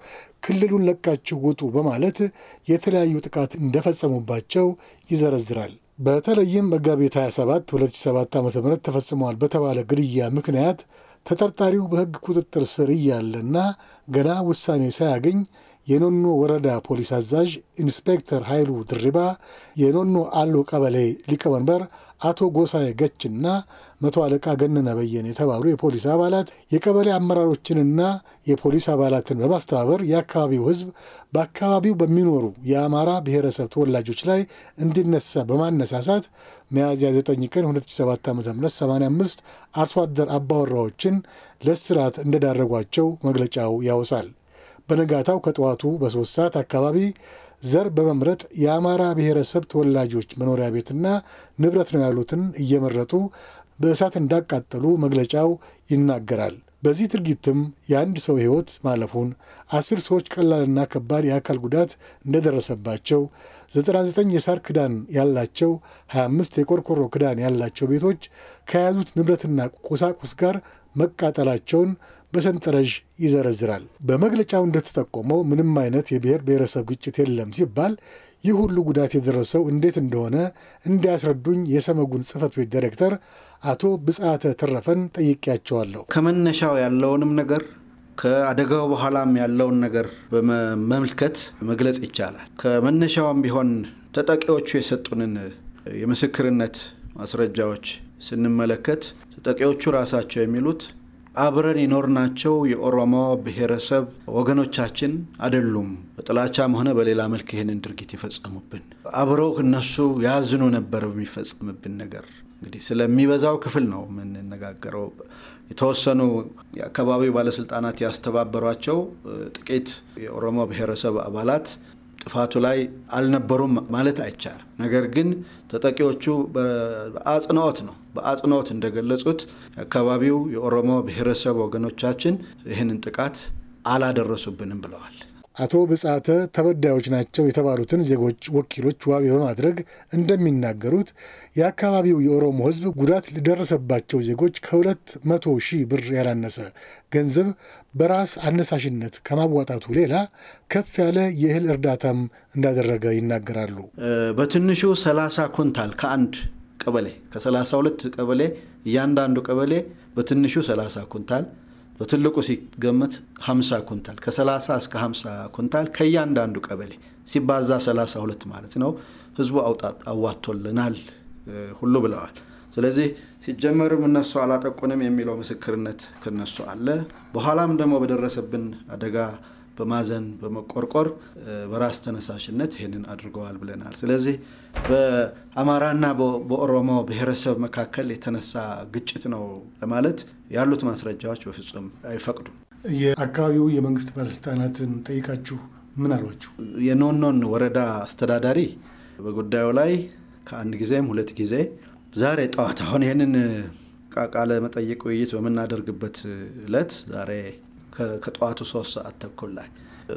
ክልሉን ለቃችሁ ውጡ በማለት የተለያዩ ጥቃት እንደፈጸሙባቸው ይዘረዝራል። በተለይም መጋቢት 27 2007 ዓ ም ተፈጽመዋል በተባለ ግድያ ምክንያት ተጠርጣሪው በሕግ ቁጥጥር ስር እያለና ገና ውሳኔ ሳያገኝ የኖኖ ወረዳ ፖሊስ አዛዥ ኢንስፔክተር ኃይሉ ድሪባ፣ የኖኖ አሎ ቀበሌ ሊቀመንበር አቶ ጎሳዬ ገችና መቶ አለቃ ገነነ በየን የተባሉ የፖሊስ አባላት የቀበሌ አመራሮችንና የፖሊስ አባላትን በማስተባበር የአካባቢው ሕዝብ በአካባቢው በሚኖሩ የአማራ ብሔረሰብ ተወላጆች ላይ እንዲነሳ በማነሳሳት ሚያዝያ 9 ቀን 2007 ዓ ም 85 አርሶ አደር አባወራዎችን ለስርዓት እንደዳረጓቸው መግለጫው ያወሳል። በነጋታው ከጠዋቱ በሶስት ሰዓት አካባቢ ዘር በመምረጥ የአማራ ብሔረሰብ ተወላጆች መኖሪያ ቤትና ንብረት ነው ያሉትን እየመረጡ በእሳት እንዳቃጠሉ መግለጫው ይናገራል። በዚህ ድርጊትም የአንድ ሰው ሕይወት ማለፉን፣ አስር ሰዎች ቀላልና ከባድ የአካል ጉዳት እንደደረሰባቸው፣ 99 የሳር ክዳን ያላቸው 25 የቆርቆሮ ክዳን ያላቸው ቤቶች ከያዙት ንብረትና ቁሳቁስ ጋር መቃጠላቸውን በሰንጠረዥ ይዘረዝራል። በመግለጫው እንደተጠቆመው ምንም አይነት የብሔር ብሔረሰብ ግጭት የለም ሲባል ይህ ሁሉ ጉዳት የደረሰው እንዴት እንደሆነ እንዲያስረዱኝ የሰመጉን ጽህፈት ቤት ዳይሬክተር አቶ ብጻተ ተረፈን ጠይቄያቸዋለሁ። ከመነሻው ያለውንም ነገር ከአደጋው በኋላም ያለውን ነገር በመመልከት መግለጽ ይቻላል። ከመነሻውም ቢሆን ተጠቂዎቹ የሰጡንን የምስክርነት ማስረጃዎች ስንመለከት ተጠቂዎቹ ራሳቸው የሚሉት አብረን የኖርናቸው የኦሮሞ ብሔረሰብ ወገኖቻችን አይደሉም በጥላቻም ሆነ በሌላ መልክ ይህንን ድርጊት የፈጸሙብን። አብረው እነሱ ያዝኑ ነበር በሚፈጸምብን ነገር። እንግዲህ ስለሚበዛው ክፍል ነው የምንነጋገረው። የተወሰኑ የአካባቢው ባለስልጣናት ያስተባበሯቸው ጥቂት የኦሮሞ ብሔረሰብ አባላት ጥፋቱ ላይ አልነበሩም ማለት አይቻልም። ነገር ግን ተጠቂዎቹ በአጽንኦት ነው በአጽንኦት እንደገለጹት የአካባቢው የኦሮሞ ብሔረሰብ ወገኖቻችን ይህንን ጥቃት አላደረሱብንም ብለዋል። አቶ ብጻተ ተበዳዮች ናቸው የተባሉትን ዜጎች ወኪሎች ዋቢ በማድረግ እንደሚናገሩት የአካባቢው የኦሮሞ ሕዝብ ጉዳት ለደረሰባቸው ዜጎች ከሁለት መቶ ሺህ ብር ያላነሰ ገንዘብ በራስ አነሳሽነት ከማዋጣቱ ሌላ ከፍ ያለ የእህል እርዳታም እንዳደረገ ይናገራሉ። በትንሹ 30 ኩንታል ከአንድ ቀበሌ ከ32 ቀበሌ እያንዳንዱ ቀበሌ በትንሹ 30 ኩንታል በትልቁ ሲገመት 50 ኩንታል ከ30 እስከ 50 ኩንታል ከእያንዳንዱ ቀበሌ ሲባዛ 32 ማለት ነው። ህዝቡ አውጣት አዋቶልናል ሁሉ ብለዋል። ስለዚህ ሲጀመርም እነሱ አላጠቁንም የሚለው ምስክርነት ከነሱ አለ። በኋላም ደግሞ በደረሰብን አደጋ በማዘን በመቆርቆር በራስ ተነሳሽነት ይህንን አድርገዋል ብለናል። ስለዚህ በአማራና በኦሮሞ ብሔረሰብ መካከል የተነሳ ግጭት ነው ለማለት ያሉት ማስረጃዎች በፍጹም አይፈቅዱም። የአካባቢው የመንግስት ባለስልጣናትን ጠይቃችሁ ምን አሏችሁ? የኖኖን ወረዳ አስተዳዳሪ በጉዳዩ ላይ ከአንድ ጊዜም ሁለት ጊዜ ዛሬ ጠዋት አሁን ይህንን ቃለ መጠይቅ ውይይት በምናደርግበት እለት ዛሬ ከጠዋቱ ሶስት ሰዓት ተኩል ላይ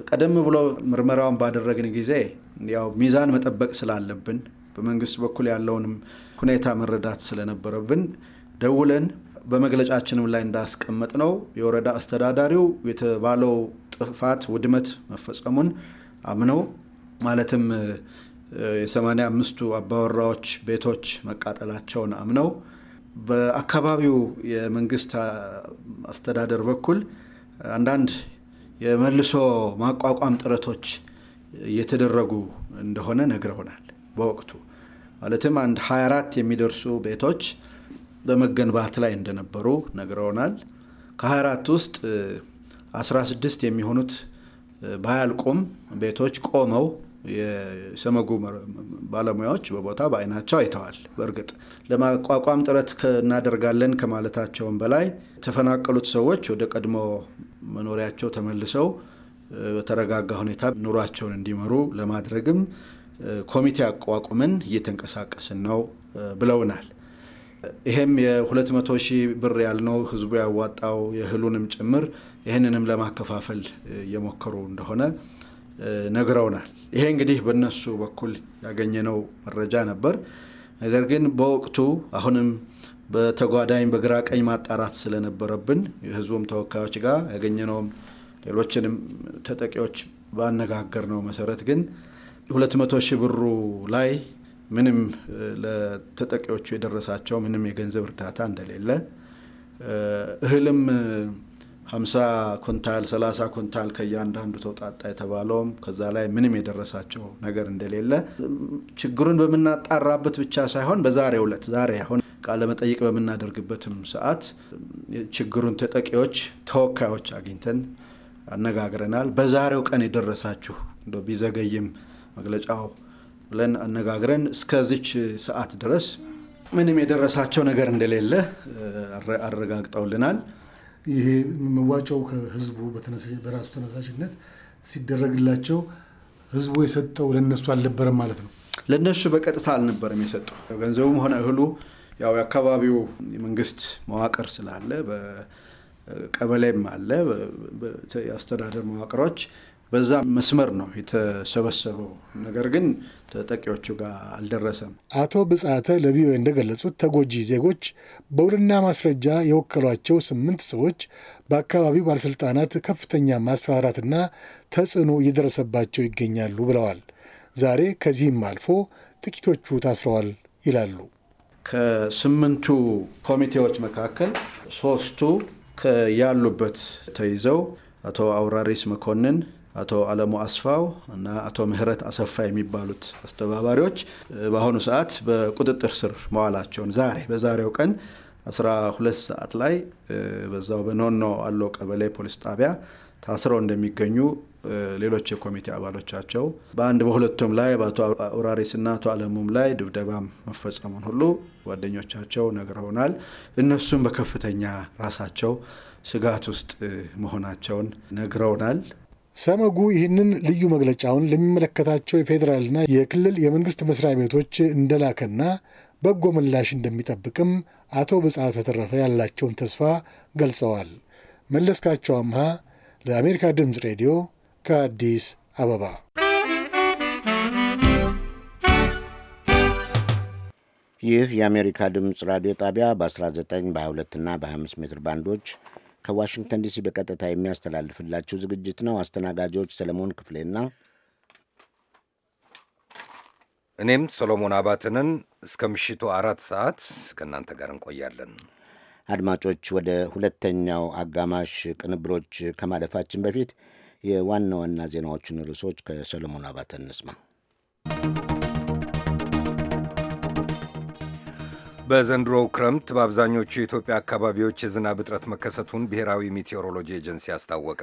ቀደም ብሎ ምርመራውን ባደረግን ጊዜ ያው ሚዛን መጠበቅ ስላለብን በመንግስት በኩል ያለውንም ሁኔታ መረዳት ስለነበረብን ደውለን በመግለጫችንም ላይ እንዳስቀመጥ ነው የወረዳ አስተዳዳሪው የተባለው ጥፋት ውድመት መፈጸሙን አምነው ማለትም የሰማንያ አምስቱ አባወራዎች ቤቶች መቃጠላቸውን አምነው በአካባቢው የመንግስት አስተዳደር በኩል አንዳንድ የመልሶ ማቋቋም ጥረቶች እየተደረጉ እንደሆነ ነግረውናል። በወቅቱ ማለትም አንድ 24 የሚደርሱ ቤቶች በመገንባት ላይ እንደነበሩ ነግረውናል። ከ24 ውስጥ 16 የሚሆኑት ባያልቁም ቤቶች ቆመው የሰመጉ ባለሙያዎች በቦታ በአይናቸው አይተዋል። በእርግጥ ለማቋቋም ጥረት እናደርጋለን ከማለታቸውም በላይ የተፈናቀሉት ሰዎች ወደ ቀድሞ መኖሪያቸው ተመልሰው በተረጋጋ ሁኔታ ኑሯቸውን እንዲመሩ ለማድረግም ኮሚቴ አቋቁመን እየተንቀሳቀስን ነው ብለውናል። ይሄም የ200 ሺህ ብር ያልነው ህዝቡ ያዋጣው የእህሉንም ጭምር ይህንንም ለማከፋፈል እየሞከሩ እንደሆነ ነግረውናል። ይሄ እንግዲህ በእነሱ በኩል ያገኘነው መረጃ ነበር። ነገር ግን በወቅቱ አሁንም በተጓዳኝ በግራ ቀኝ ማጣራት ስለነበረብን ህዝቡም ተወካዮች ጋር ያገኘነውም ሌሎችንም ተጠቂዎች ባነጋገር ነው መሰረት ግን ሁለት መቶ ሺህ ብሩ ላይ ምንም ለተጠቂዎቹ የደረሳቸው ምንም የገንዘብ እርዳታ እንደሌለ እህልም ሀምሳ ኩንታል ሰላሳ ኩንታል ከእያንዳንዱ ተውጣጣ የተባለውም ከዛ ላይ ምንም የደረሳቸው ነገር እንደሌለ ችግሩን በምናጣራበት ብቻ ሳይሆን በዛሬ ዕለት ዛሬ አሁን ቃለ መጠይቅ በምናደርግበትም ሰዓት ችግሩን ተጠቂዎች ተወካዮች አግኝተን አነጋግረናል። በዛሬው ቀን የደረሳችሁ ቢዘገይም መግለጫው ብለን አነጋግረን እስከዚች ሰዓት ድረስ ምንም የደረሳቸው ነገር እንደሌለ አረጋግጠውልናል። ይሄ መዋጫው ከህዝቡ በራሱ ተነሳሽነት ሲደረግላቸው ህዝቡ የሰጠው ለነሱ አልነበረም ማለት ነው። ለነሱ በቀጥታ አልነበረም የሰጠው ገንዘቡም ሆነ እህሉ ያው የአካባቢው የመንግስት መዋቅር ስላለ በቀበሌም አለ የአስተዳደር መዋቅሮች በዛ መስመር ነው የተሰበሰበው። ነገር ግን ተጠቂዎቹ ጋር አልደረሰም። አቶ ብጻተ ለቪኦኤ እንደገለጹት ተጎጂ ዜጎች በውልና ማስረጃ የወከሏቸው ስምንት ሰዎች በአካባቢው ባለሥልጣናት ከፍተኛ ማስፈራራትና ተጽዕኖ እየደረሰባቸው ይገኛሉ ብለዋል። ዛሬ ከዚህም አልፎ ጥቂቶቹ ታስረዋል ይላሉ። ከስምንቱ ኮሚቴዎች መካከል ሶስቱ ያሉበት ተይዘው አቶ አውራሪስ መኮንን አቶ አለሙ አስፋው እና አቶ ምህረት አሰፋ የሚባሉት አስተባባሪዎች በአሁኑ ሰዓት በቁጥጥር ስር መዋላቸውን ዛሬ በዛሬው ቀን 12 ሰዓት ላይ በዛው በኖኖ አሎ ቀበሌ ፖሊስ ጣቢያ ታስረው እንደሚገኙ ሌሎች የኮሚቴ አባሎቻቸው በአንድ በሁለቱም ላይ በአቶ አውራሪስና አቶ አለሙም ላይ ድብደባም መፈጸሙን ሁሉ ጓደኞቻቸው ነግረውናል። እነሱም በከፍተኛ ራሳቸው ስጋት ውስጥ መሆናቸውን ነግረውናል። ሰመጉ ይህንን ልዩ መግለጫውን ለሚመለከታቸው የፌዴራልና የክልል የመንግስት መስሪያ ቤቶች እንደላከና በጎ ምላሽ እንደሚጠብቅም አቶ ብጻ ተተረፈ ያላቸውን ተስፋ ገልጸዋል። መለስካቸው አምሃ ለአሜሪካ ድምፅ ሬዲዮ ከአዲስ አበባ ይህ የአሜሪካ ድምፅ ራዲዮ ጣቢያ በ19 በ22 እና በ25 ሜትር ባንዶች ከዋሽንግተን ዲሲ በቀጥታ የሚያስተላልፍላችሁ ዝግጅት ነው። አስተናጋጆች ሰለሞን ክፍሌና እኔም ሰሎሞን አባትንን እስከ ምሽቱ አራት ሰዓት ከእናንተ ጋር እንቆያለን። አድማጮች፣ ወደ ሁለተኛው አጋማሽ ቅንብሮች ከማለፋችን በፊት የዋና ዋና ዜናዎችን ርዕሶች ከሰሎሞን አባተን እንስማ። በዘንድሮ ክረምት በአብዛኞቹ የኢትዮጵያ አካባቢዎች የዝናብ እጥረት መከሰቱን ብሔራዊ ሜቴዎሮሎጂ ኤጀንሲ አስታወቀ።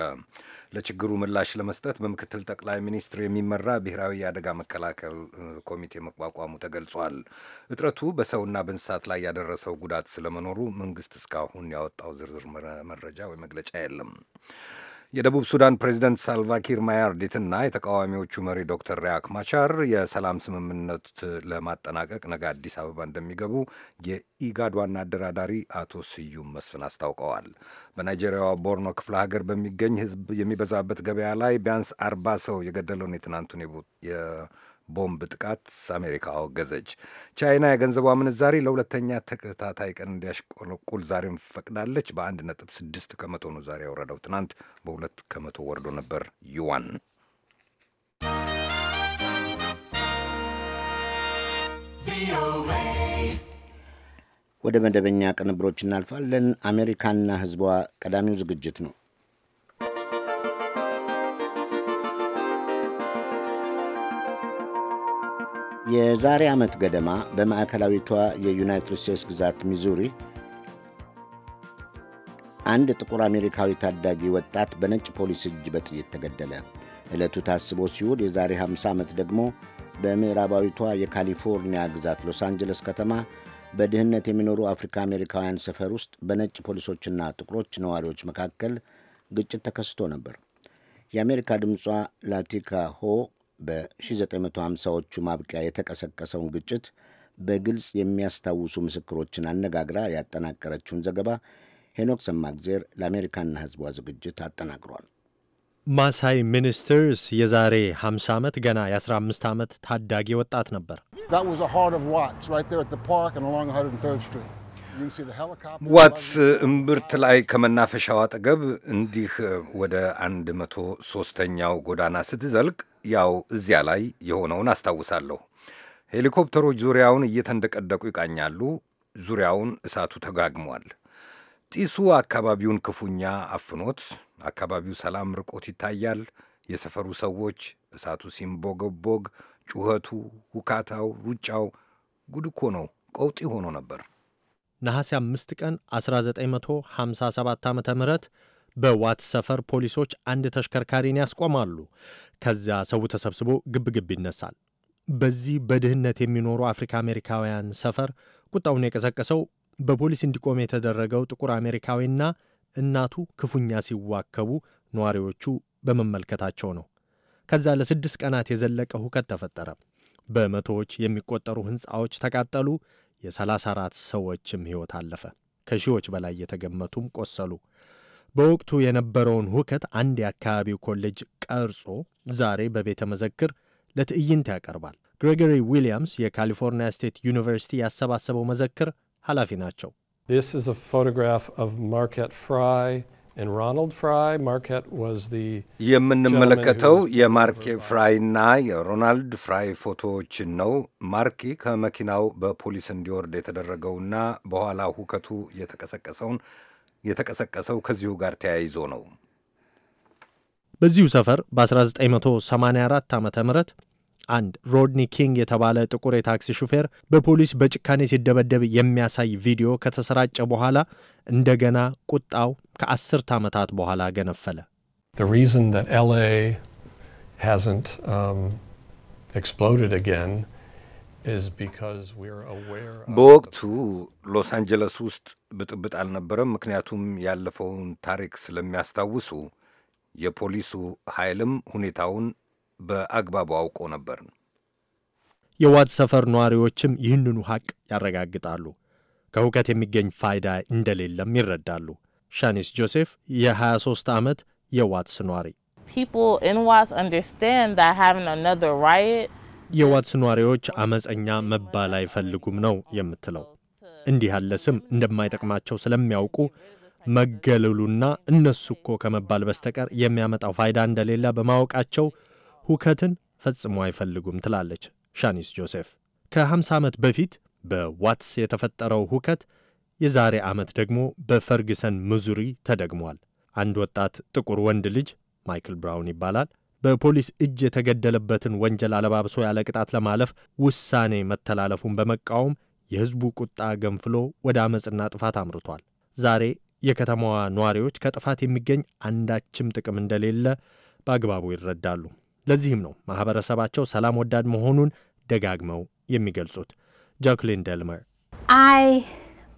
ለችግሩ ምላሽ ለመስጠት በምክትል ጠቅላይ ሚኒስትር የሚመራ ብሔራዊ የአደጋ መከላከል ኮሚቴ መቋቋሙ ተገልጿል። እጥረቱ በሰውና በእንስሳት ላይ ያደረሰው ጉዳት ስለመኖሩ መንግስት እስካሁን ያወጣው ዝርዝር መረጃ ወይ መግለጫ የለም። የደቡብ ሱዳን ፕሬዚደንት ሳልቫኪር ማያርዲትና የተቃዋሚዎቹ መሪ ዶክተር ሪያክ ማቻር የሰላም ስምምነት ለማጠናቀቅ ነገ አዲስ አበባ እንደሚገቡ የኢጋድ ዋና አደራዳሪ አቶ ስዩም መስፍን አስታውቀዋል። በናይጄሪያዋ ቦርኖ ክፍለ ሀገር በሚገኝ ሕዝብ የሚበዛበት ገበያ ላይ ቢያንስ አርባ ሰው የገደለውን የትናንቱን ቦምብ ጥቃት አሜሪካ አወገዘች። ቻይና የገንዘቧ ምንዛሪ ለሁለተኛ ተከታታይ ቀን እንዲያሽቆለቁል ዛሬም ፈቅዳለች። በአንድ ነጥብ ስድስት ከመቶ ነው ዛሬ ያወረደው። ትናንት በሁለት ከመቶ ወርዶ ነበር ዩዋን። ወደ መደበኛ ቅንብሮች እናልፋለን። አሜሪካና ሕዝቧ ቀዳሚው ዝግጅት ነው። የዛሬ ዓመት ገደማ በማዕከላዊቷ የዩናይትድ ስቴትስ ግዛት ሚዙሪ አንድ ጥቁር አሜሪካዊ ታዳጊ ወጣት በነጭ ፖሊስ እጅ በጥይት ተገደለ። ዕለቱ ታስቦ ሲውል የዛሬ 50 ዓመት ደግሞ በምዕራባዊቷ የካሊፎርኒያ ግዛት ሎስ አንጀለስ ከተማ በድህነት የሚኖሩ አፍሪካ አሜሪካውያን ሰፈር ውስጥ በነጭ ፖሊሶችና ጥቁሮች ነዋሪዎች መካከል ግጭት ተከስቶ ነበር። የአሜሪካ ድምጿ ላቲካ ሆ በ1950ዎቹ ማብቂያ የተቀሰቀሰውን ግጭት በግልጽ የሚያስታውሱ ምስክሮችን አነጋግራ ያጠናቀረችውን ዘገባ ሄኖክ ሰማግዜር ለአሜሪካና ሕዝቧ ዝግጅት አጠናቅሯል። ማሳይ ሚኒስትርስ የዛሬ 50 ዓመት ገና የ15 ዓመት ታዳጊ ወጣት ነበር። ዋትስ እምብርት uh, ላይ ከመናፈሻው አጠገብ እንዲህ uh, ወደ አንድ መቶ ሦስተኛው ጎዳና ስትዘልቅ ያው እዚያ ላይ የሆነውን አስታውሳለሁ። ሄሊኮፕተሮች ዙሪያውን እየተንደቀደቁ ይቃኛሉ። ዙሪያውን እሳቱ ተጋግሟል። ጢሱ አካባቢውን ክፉኛ አፍኖት፣ አካባቢው ሰላም ርቆት ይታያል። የሰፈሩ ሰዎች እሳቱ ሲንቦገቦግ፣ ጩኸቱ፣ ውካታው ሩጫው ጉድ እኮ ነው። ቀውጢ ሆኖ ነበር። ነሐሴ 5 ቀን 1957 ዓ ም በዋት ሰፈር ፖሊሶች አንድ ተሽከርካሪን ያስቆማሉ። ከዚያ ሰው ተሰብስቦ ግብግብ ይነሳል። በዚህ በድህነት የሚኖሩ አፍሪካ አሜሪካውያን ሰፈር ቁጣውን የቀሰቀሰው በፖሊስ እንዲቆም የተደረገው ጥቁር አሜሪካዊና እናቱ ክፉኛ ሲዋከቡ ነዋሪዎቹ በመመልከታቸው ነው። ከዛ ለስድስት ቀናት የዘለቀ ሁከት ተፈጠረ። በመቶዎች የሚቆጠሩ ሕንፃዎች ተቃጠሉ። የ34 ሰዎችም ሕይወት አለፈ። ከሺዎች በላይ የተገመቱም ቆሰሉ። በወቅቱ የነበረውን ሁከት አንድ የአካባቢው ኮሌጅ ቀርጾ ዛሬ በቤተ መዘክር ለትዕይንት ያቀርባል። ግሬጎሪ ዊሊያምስ የካሊፎርኒያ ስቴት ዩኒቨርሲቲ ያሰባሰበው መዘክር ኃላፊ ናቸው። This is a photograph of Marquette የምንመለከተው የማርክ ፍራይና የሮናልድ ፍራይ ፎቶዎችን ነው። ማርኪ ከመኪናው በፖሊስ እንዲወርድ የተደረገውና በኋላ ሁከቱ የተቀሰቀሰውን የተቀሰቀሰው ከዚሁ ጋር ተያይዞ ነው። በዚሁ ሰፈር በ1984 ዓ ም አንድ ሮድኒ ኪንግ የተባለ ጥቁር የታክሲ ሹፌር በፖሊስ በጭካኔ ሲደበደብ የሚያሳይ ቪዲዮ ከተሰራጨ በኋላ እንደገና ቁጣው ከአስርት ዓመታት በኋላ ገነፈለ። um, በወቅቱ ሎስ አንጀለስ ውስጥ ብጥብጥ አልነበረም። ምክንያቱም ያለፈውን ታሪክ ስለሚያስታውሱ የፖሊሱ ኃይልም ሁኔታውን በአግባቡ አውቆ ነበር። የዋድ ሰፈር ነዋሪዎችም ይህንኑ ሐቅ ያረጋግጣሉ። ከሁከት የሚገኝ ፋይዳ እንደሌለም ይረዳሉ። ሻኒስ ጆሴፍ የ23 ዓመት የዋትስ ነዋሪ የዋትስ ነዋሪዎች አመፀኛ መባል አይፈልጉም ነው የምትለው። እንዲህ ያለ ስም እንደማይጠቅማቸው ስለሚያውቁ መገለሉና እነሱ እኮ ከመባል በስተቀር የሚያመጣው ፋይዳ እንደሌለ በማወቃቸው ሁከትን ፈጽሞ አይፈልጉም ትላለች ሻኒስ ጆሴፍ። ከ50 ዓመት በፊት በዋትስ የተፈጠረው ሁከት የዛሬ ዓመት ደግሞ በፈርግሰን ምዙሪ ተደግሟል። አንድ ወጣት ጥቁር ወንድ ልጅ ማይክል ብራውን ይባላል በፖሊስ እጅ የተገደለበትን ወንጀል አለባብሶ ያለ ቅጣት ለማለፍ ውሳኔ መተላለፉን በመቃወም የሕዝቡ ቁጣ ገንፍሎ ወደ ዓመፅና ጥፋት አምርቷል። ዛሬ የከተማዋ ነዋሪዎች ከጥፋት የሚገኝ አንዳችም ጥቅም እንደሌለ በአግባቡ ይረዳሉ። ለዚህም ነው ማህበረሰባቸው ሰላም ወዳድ መሆኑን ደጋግመው የሚገልጹት። ጃክሊን ደልመር አይ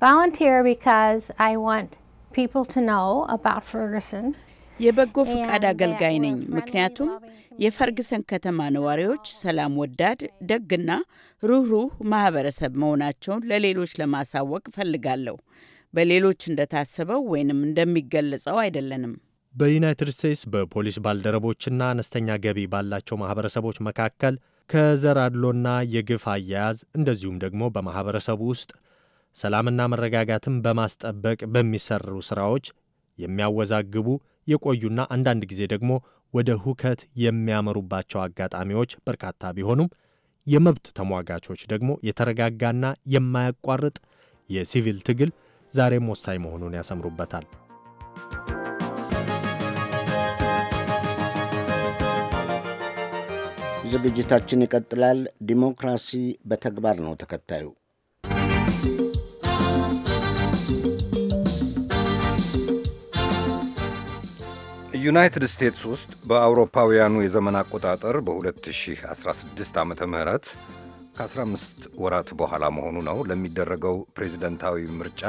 ቮለንቲር ቢካዝ አይ ዋንት ፒፕል ቱ ኖው አባውት የበጎ ፍቃድ አገልጋይ ነኝ። ምክንያቱም የፈርግሰን ከተማ ነዋሪዎች ሰላም ወዳድ ደግና ሩህሩህ ማህበረሰብ መሆናቸውን ለሌሎች ለማሳወቅ እፈልጋለሁ። በሌሎች እንደታሰበው ወይንም እንደሚገለጸው አይደለንም። በዩናይትድ ስቴትስ በፖሊስ ባልደረቦችና አነስተኛ ገቢ ባላቸው ማኅበረሰቦች መካከል ከዘር አድሎና የግፍ አያያዝ እንደዚሁም ደግሞ በማኅበረሰቡ ውስጥ ሰላምና መረጋጋትን በማስጠበቅ በሚሰሩ ሥራዎች የሚያወዛግቡ የቆዩና አንዳንድ ጊዜ ደግሞ ወደ ሁከት የሚያመሩባቸው አጋጣሚዎች በርካታ ቢሆኑም የመብት ተሟጋቾች ደግሞ የተረጋጋና የማያቋርጥ የሲቪል ትግል ዛሬም ወሳኝ መሆኑን ያሰምሩበታል። ዝግጅታችን ይቀጥላል። ዲሞክራሲ በተግባር ነው ተከታዩ። ዩናይትድ ስቴትስ ውስጥ በአውሮፓውያኑ የዘመን አቆጣጠር በ2016 ዓ. ምህረት ከ15 ወራት በኋላ መሆኑ ነው ለሚደረገው ፕሬዚደንታዊ ምርጫ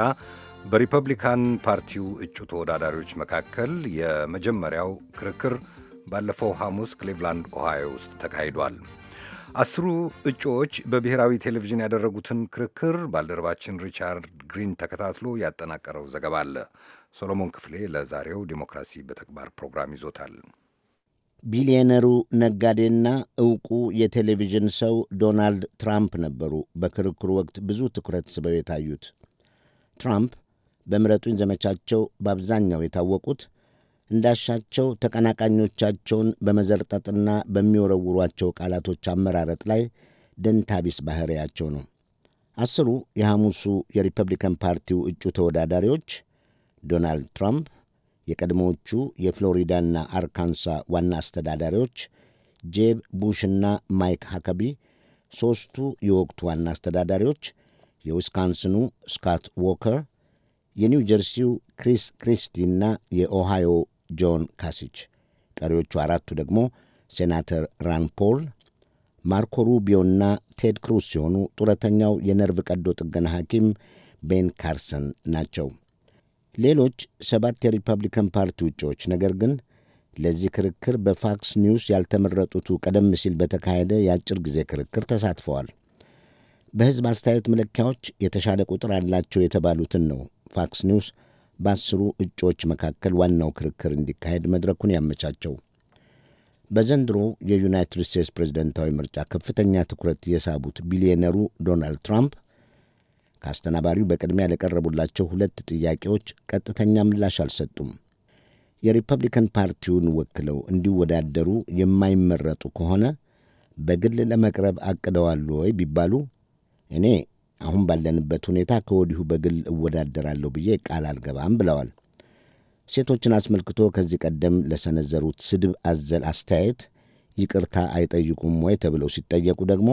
በሪፐብሊካን ፓርቲው እጩ ተወዳዳሪዎች መካከል የመጀመሪያው ክርክር ባለፈው ሐሙስ ክሊቭላንድ ኦሃዮ ውስጥ ተካሂዷል። አስሩ እጩዎች በብሔራዊ ቴሌቪዥን ያደረጉትን ክርክር ባልደረባችን ሪቻርድ ግሪን ተከታትሎ ያጠናቀረው ዘገባ አለ። ሶሎሞን ክፍሌ ለዛሬው ዲሞክራሲ በተግባር ፕሮግራም ይዞታል። ቢሊየነሩ ነጋዴና ዕውቁ የቴሌቪዥን ሰው ዶናልድ ትራምፕ ነበሩ በክርክሩ ወቅት ብዙ ትኩረት ስበው የታዩት። ትራምፕ በምረጡኝ ዘመቻቸው በአብዛኛው የታወቁት እንዳሻቸው ተቀናቃኞቻቸውን በመዘርጠጥና በሚወረውሯቸው ቃላቶች አመራረጥ ላይ ደንታቢስ ባሕርያቸው ነው። አስሩ የሐሙሱ የሪፐብሊካን ፓርቲው እጩ ተወዳዳሪዎች ዶናልድ ትራምፕ፣ የቀድሞዎቹ የፍሎሪዳና አርካንሳ ዋና አስተዳዳሪዎች ጄብ ቡሽና ማይክ ሃከቢ፣ ሦስቱ የወቅቱ ዋና አስተዳዳሪዎች የዊስካንስኑ ስካት ዎከር የኒው ጀርሲው ክሪስ ክሪስቲና የኦሃዮ ጆን ካሲች፣ ቀሪዎቹ አራቱ ደግሞ ሴናተር ራን ፖል፣ ማርኮ ሩቢዮና ቴድ ክሩስ ሲሆኑ ጡረተኛው የነርቭ ቀዶ ጥገና ሐኪም ቤን ካርሰን ናቸው። ሌሎች ሰባት የሪፐብሊካን ፓርቲ ውጪዎች ነገር ግን ለዚህ ክርክር በፋክስ ኒውስ ያልተመረጡቱ ቀደም ሲል በተካሄደ የአጭር ጊዜ ክርክር ተሳትፈዋል። በሕዝብ አስተያየት መለኪያዎች የተሻለ ቁጥር አላቸው የተባሉትን ነው ፋክስ ኒውስ በአስሩ እጩዎች መካከል ዋናው ክርክር እንዲካሄድ መድረኩን ያመቻቸው። በዘንድሮ የዩናይትድ ስቴትስ ፕሬዝደንታዊ ምርጫ ከፍተኛ ትኩረት የሳቡት ቢሊዮነሩ ዶናልድ ትራምፕ ከአስተናባሪው በቅድሚያ ለቀረቡላቸው ሁለት ጥያቄዎች ቀጥተኛ ምላሽ አልሰጡም። የሪፐብሊካን ፓርቲውን ወክለው እንዲወዳደሩ የማይመረጡ ከሆነ በግል ለመቅረብ አቅደዋል ወይ ቢባሉ እኔ አሁን ባለንበት ሁኔታ ከወዲሁ በግል እወዳደራለሁ ብዬ ቃል አልገባም ብለዋል። ሴቶችን አስመልክቶ ከዚህ ቀደም ለሰነዘሩት ስድብ አዘል አስተያየት ይቅርታ አይጠይቁም ወይ ተብለው ሲጠየቁ ደግሞ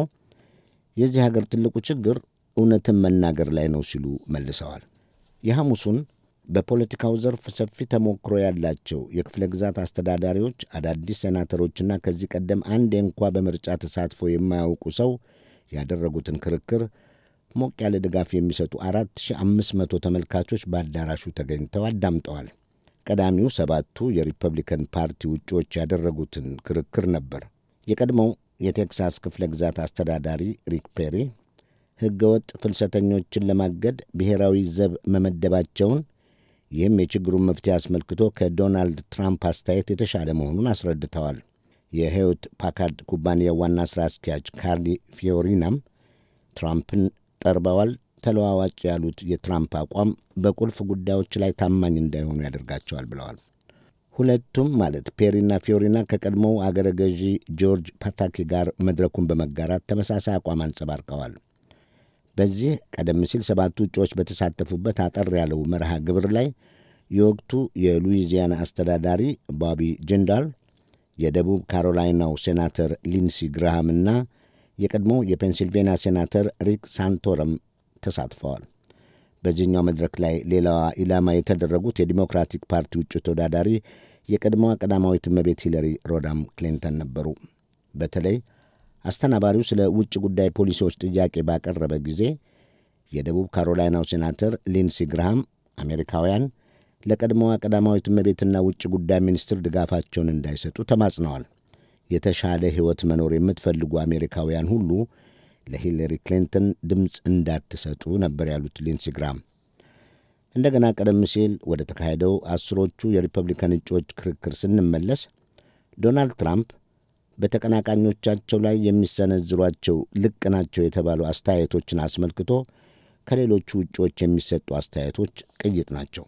የዚህ ሀገር ትልቁ ችግር እውነትን መናገር ላይ ነው ሲሉ መልሰዋል። የሐሙሱን በፖለቲካው ዘርፍ ሰፊ ተሞክሮ ያላቸው የክፍለ ግዛት አስተዳዳሪዎች፣ አዳዲስ ሴናተሮችና ከዚህ ቀደም አንዴ እንኳ በምርጫ ተሳትፎ የማያውቁ ሰው ያደረጉትን ክርክር ሞቅ ያለ ድጋፍ የሚሰጡ 4500 ተመልካቾች በአዳራሹ ተገኝተው አዳምጠዋል። ቀዳሚው ሰባቱ የሪፐብሊካን ፓርቲ ውጪዎች ያደረጉትን ክርክር ነበር። የቀድሞው የቴክሳስ ክፍለ ግዛት አስተዳዳሪ ሪክ ፔሪ ሕገወጥ ፍልሰተኞችን ለማገድ ብሔራዊ ዘብ መመደባቸውን ይህም የችግሩን መፍትሄ አስመልክቶ ከዶናልድ ትራምፕ አስተያየት የተሻለ መሆኑን አስረድተዋል። የሄውት ፓካርድ ኩባንያ ዋና ሥራ አስኪያጅ ካርሊ ፊዮሪናም ትራምፕን ጠርበዋል። ተለዋዋጭ ያሉት የትራምፕ አቋም በቁልፍ ጉዳዮች ላይ ታማኝ እንዳይሆኑ ያደርጋቸዋል ብለዋል። ሁለቱም ማለት ፔሪና ፊዮሪና ከቀድሞው አገረ ገዢ ጆርጅ ፓታኪ ጋር መድረኩን በመጋራት ተመሳሳይ አቋም አንጸባርቀዋል። በዚህ ቀደም ሲል ሰባቱ እጩዎች በተሳተፉበት አጠር ያለው መርሃ ግብር ላይ የወቅቱ የሉዊዚያና አስተዳዳሪ ባቢ ጂንዳል፣ የደቡብ ካሮላይናው ሴናተር ሊንሲ ግርሃምና የቀድሞ የፔንሲልቬንያ ሴናተር ሪክ ሳንቶረም ተሳትፈዋል። በዚህኛው መድረክ ላይ ሌላዋ ኢላማ የተደረጉት የዲሞክራቲክ ፓርቲ ውጭ ተወዳዳሪ የቀድሞዋ ቀዳማዊት እመቤት ሂለሪ ሮዳም ክሊንተን ነበሩ። በተለይ አስተናባሪው ስለ ውጭ ጉዳይ ፖሊሲዎች ጥያቄ ባቀረበ ጊዜ የደቡብ ካሮላይናው ሴናተር ሊንሲ ግርሃም አሜሪካውያን ለቀድሞዋ ቀዳማዊት እመቤትና ውጭ ጉዳይ ሚኒስትር ድጋፋቸውን እንዳይሰጡ ተማጽነዋል። የተሻለ ሕይወት መኖር የምትፈልጉ አሜሪካውያን ሁሉ ለሂለሪ ክሊንተን ድምፅ እንዳትሰጡ ነበር ያሉት ሊንሲ ግራም። እንደገና ቀደም ሲል ወደ ተካሄደው አስሮቹ የሪፐብሊካን እጩዎች ክርክር ስንመለስ ዶናልድ ትራምፕ በተቀናቃኞቻቸው ላይ የሚሰነዝሯቸው ልቅ ናቸው የተባሉ አስተያየቶችን አስመልክቶ ከሌሎቹ እጩዎች የሚሰጡ አስተያየቶች ቅይጥ ናቸው።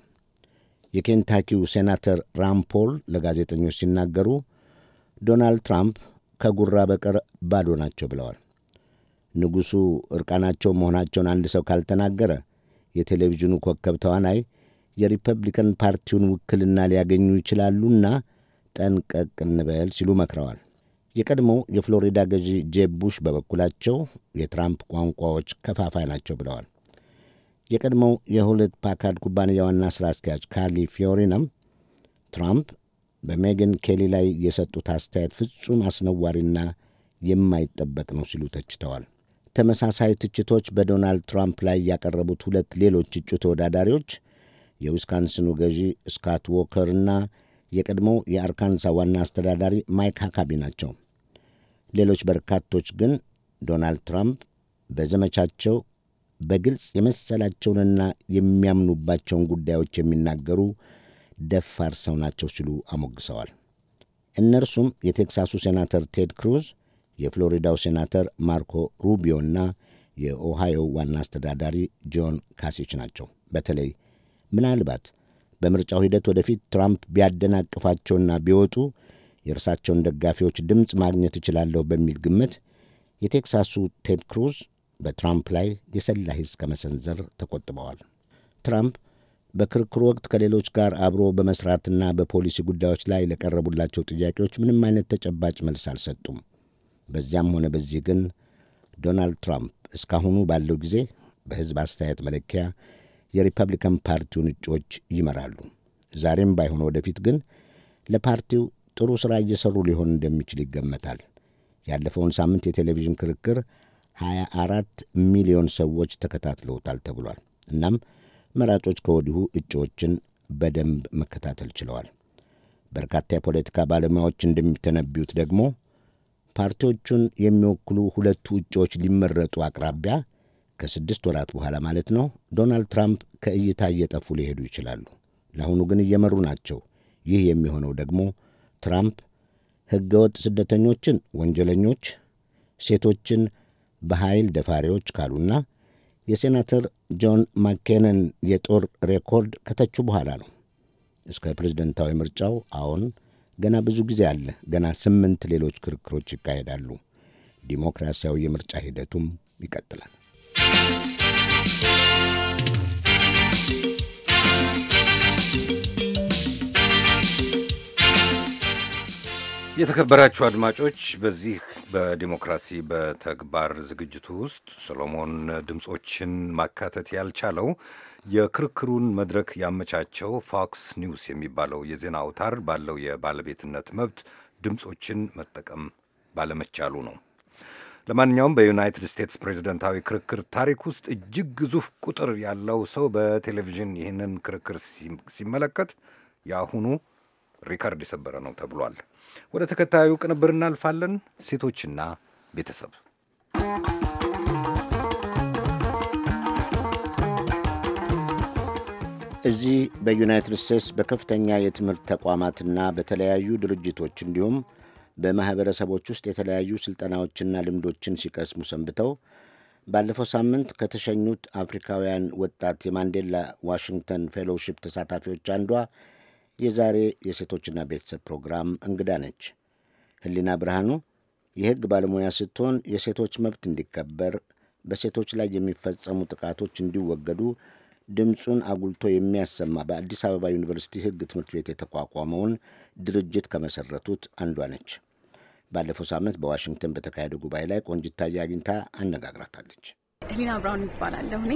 የኬንታኪው ሴናተር ራምፖል ለጋዜጠኞች ሲናገሩ ዶናልድ ትራምፕ ከጉራ በቀር ባዶ ናቸው ብለዋል። ንጉሡ እርቃናቸው መሆናቸውን አንድ ሰው ካልተናገረ የቴሌቪዥኑ ኮከብ ተዋናይ የሪፐብሊካን ፓርቲውን ውክልና ሊያገኙ ይችላሉና ጠንቀቅ እንበል ሲሉ መክረዋል። የቀድሞው የፍሎሪዳ ገዢ ጄብ ቡሽ በበኩላቸው የትራምፕ ቋንቋዎች ከፋፋይ ናቸው ብለዋል። የቀድሞው የሁለት ፓካርድ ኩባንያ ዋና ሥራ አስኪያጅ ካሊ ፊዮሪነም ትራምፕ በሜገን ኬሊ ላይ የሰጡት አስተያየት ፍጹም አስነዋሪና የማይጠበቅ ነው ሲሉ ተችተዋል። ተመሳሳይ ትችቶች በዶናልድ ትራምፕ ላይ ያቀረቡት ሁለት ሌሎች እጩ ተወዳዳሪዎች የዊስካንስኑ ገዢ ስካት ዎከር እና የቀድሞው የአርካንሳ ዋና አስተዳዳሪ ማይክ ሃካቢ ናቸው። ሌሎች በርካቶች ግን ዶናልድ ትራምፕ በዘመቻቸው በግልጽ የመሰላቸውንና የሚያምኑባቸውን ጉዳዮች የሚናገሩ ደፋር ሰው ናቸው ሲሉ አሞግሰዋል። እነርሱም የቴክሳሱ ሴናተር ቴድ ክሩዝ፣ የፍሎሪዳው ሴናተር ማርኮ ሩቢዮ እና የኦሃዮ ዋና አስተዳዳሪ ጆን ካሲች ናቸው። በተለይ ምናልባት በምርጫው ሂደት ወደፊት ትራምፕ ቢያደናቅፋቸውና ቢወጡ የእርሳቸውን ደጋፊዎች ድምፅ ማግኘት እችላለሁ በሚል ግምት የቴክሳሱ ቴድ ክሩዝ በትራምፕ ላይ የሰላ ሂስ ከመሰንዘር ተቆጥበዋል። ትራምፕ በክርክሩ ወቅት ከሌሎች ጋር አብሮ በመስራትና በፖሊሲ ጉዳዮች ላይ ለቀረቡላቸው ጥያቄዎች ምንም አይነት ተጨባጭ መልስ አልሰጡም። በዚያም ሆነ በዚህ ግን ዶናልድ ትራምፕ እስካሁኑ ባለው ጊዜ በሕዝብ አስተያየት መለኪያ የሪፐብሊካን ፓርቲውን እጩዎች ይመራሉ። ዛሬም ባይሆነ ወደፊት ግን ለፓርቲው ጥሩ ሥራ እየሠሩ ሊሆን እንደሚችል ይገመታል። ያለፈውን ሳምንት የቴሌቪዥን ክርክር 24 ሚሊዮን ሰዎች ተከታትለውታል ተብሏል። እናም መራጮች ከወዲሁ እጩዎችን በደንብ መከታተል ችለዋል። በርካታ የፖለቲካ ባለሙያዎች እንደሚተነቢዩት ደግሞ ፓርቲዎቹን የሚወክሉ ሁለቱ እጩዎች ሊመረጡ አቅራቢያ ከስድስት ወራት በኋላ ማለት ነው ዶናልድ ትራምፕ ከእይታ እየጠፉ ሊሄዱ ይችላሉ። ለአሁኑ ግን እየመሩ ናቸው። ይህ የሚሆነው ደግሞ ትራምፕ ህገወጥ ስደተኞችን ወንጀለኞች፣ ሴቶችን በኃይል ደፋሪዎች ካሉና የሴናተር ጆን ማኬነን የጦር ሬኮርድ ከተቹ በኋላ ነው። እስከ ፕሬዝደንታዊ ምርጫው አሁን ገና ብዙ ጊዜ አለ። ገና ስምንት ሌሎች ክርክሮች ይካሄዳሉ። ዲሞክራሲያዊ የምርጫ ሂደቱም ይቀጥላል። የተከበራችሁ አድማጮች በዚህ በዲሞክራሲ በተግባር ዝግጅቱ ውስጥ ሰሎሞን ድምፆችን ማካተት ያልቻለው የክርክሩን መድረክ ያመቻቸው ፎክስ ኒውስ የሚባለው የዜና አውታር ባለው የባለቤትነት መብት ድምፆችን መጠቀም ባለመቻሉ ነው። ለማንኛውም በዩናይትድ ስቴትስ ፕሬዝደንታዊ ክርክር ታሪክ ውስጥ እጅግ ግዙፍ ቁጥር ያለው ሰው በቴሌቪዥን ይህንን ክርክር ሲመለከት የአሁኑ ሪከርድ የሰበረ ነው ተብሏል። ወደ ተከታዩ ቅንብር እናልፋለን። ሴቶችና ቤተሰብ እዚህ በዩናይትድ ስቴትስ በከፍተኛ የትምህርት ተቋማትና በተለያዩ ድርጅቶች እንዲሁም በማኅበረሰቦች ውስጥ የተለያዩ ሥልጠናዎችና ልምዶችን ሲቀስሙ ሰንብተው ባለፈው ሳምንት ከተሸኙት አፍሪካውያን ወጣት የማንዴላ ዋሽንግተን ፌሎውሺፕ ተሳታፊዎች አንዷ የዛሬ የሴቶችና ቤተሰብ ፕሮግራም እንግዳ ነች። ህሊና ብርሃኑ የሕግ ባለሙያ ስትሆን የሴቶች መብት እንዲከበር፣ በሴቶች ላይ የሚፈጸሙ ጥቃቶች እንዲወገዱ ድምፁን አጉልቶ የሚያሰማ በአዲስ አበባ ዩኒቨርሲቲ ሕግ ትምህርት ቤት የተቋቋመውን ድርጅት ከመሰረቱት አንዷ ነች። ባለፈው ሳምንት በዋሽንግተን በተካሄደ ጉባኤ ላይ ቆንጅታ አግኝታ አነጋግራታለች። ህሊና ብራውን ይባላለሁ። እኔ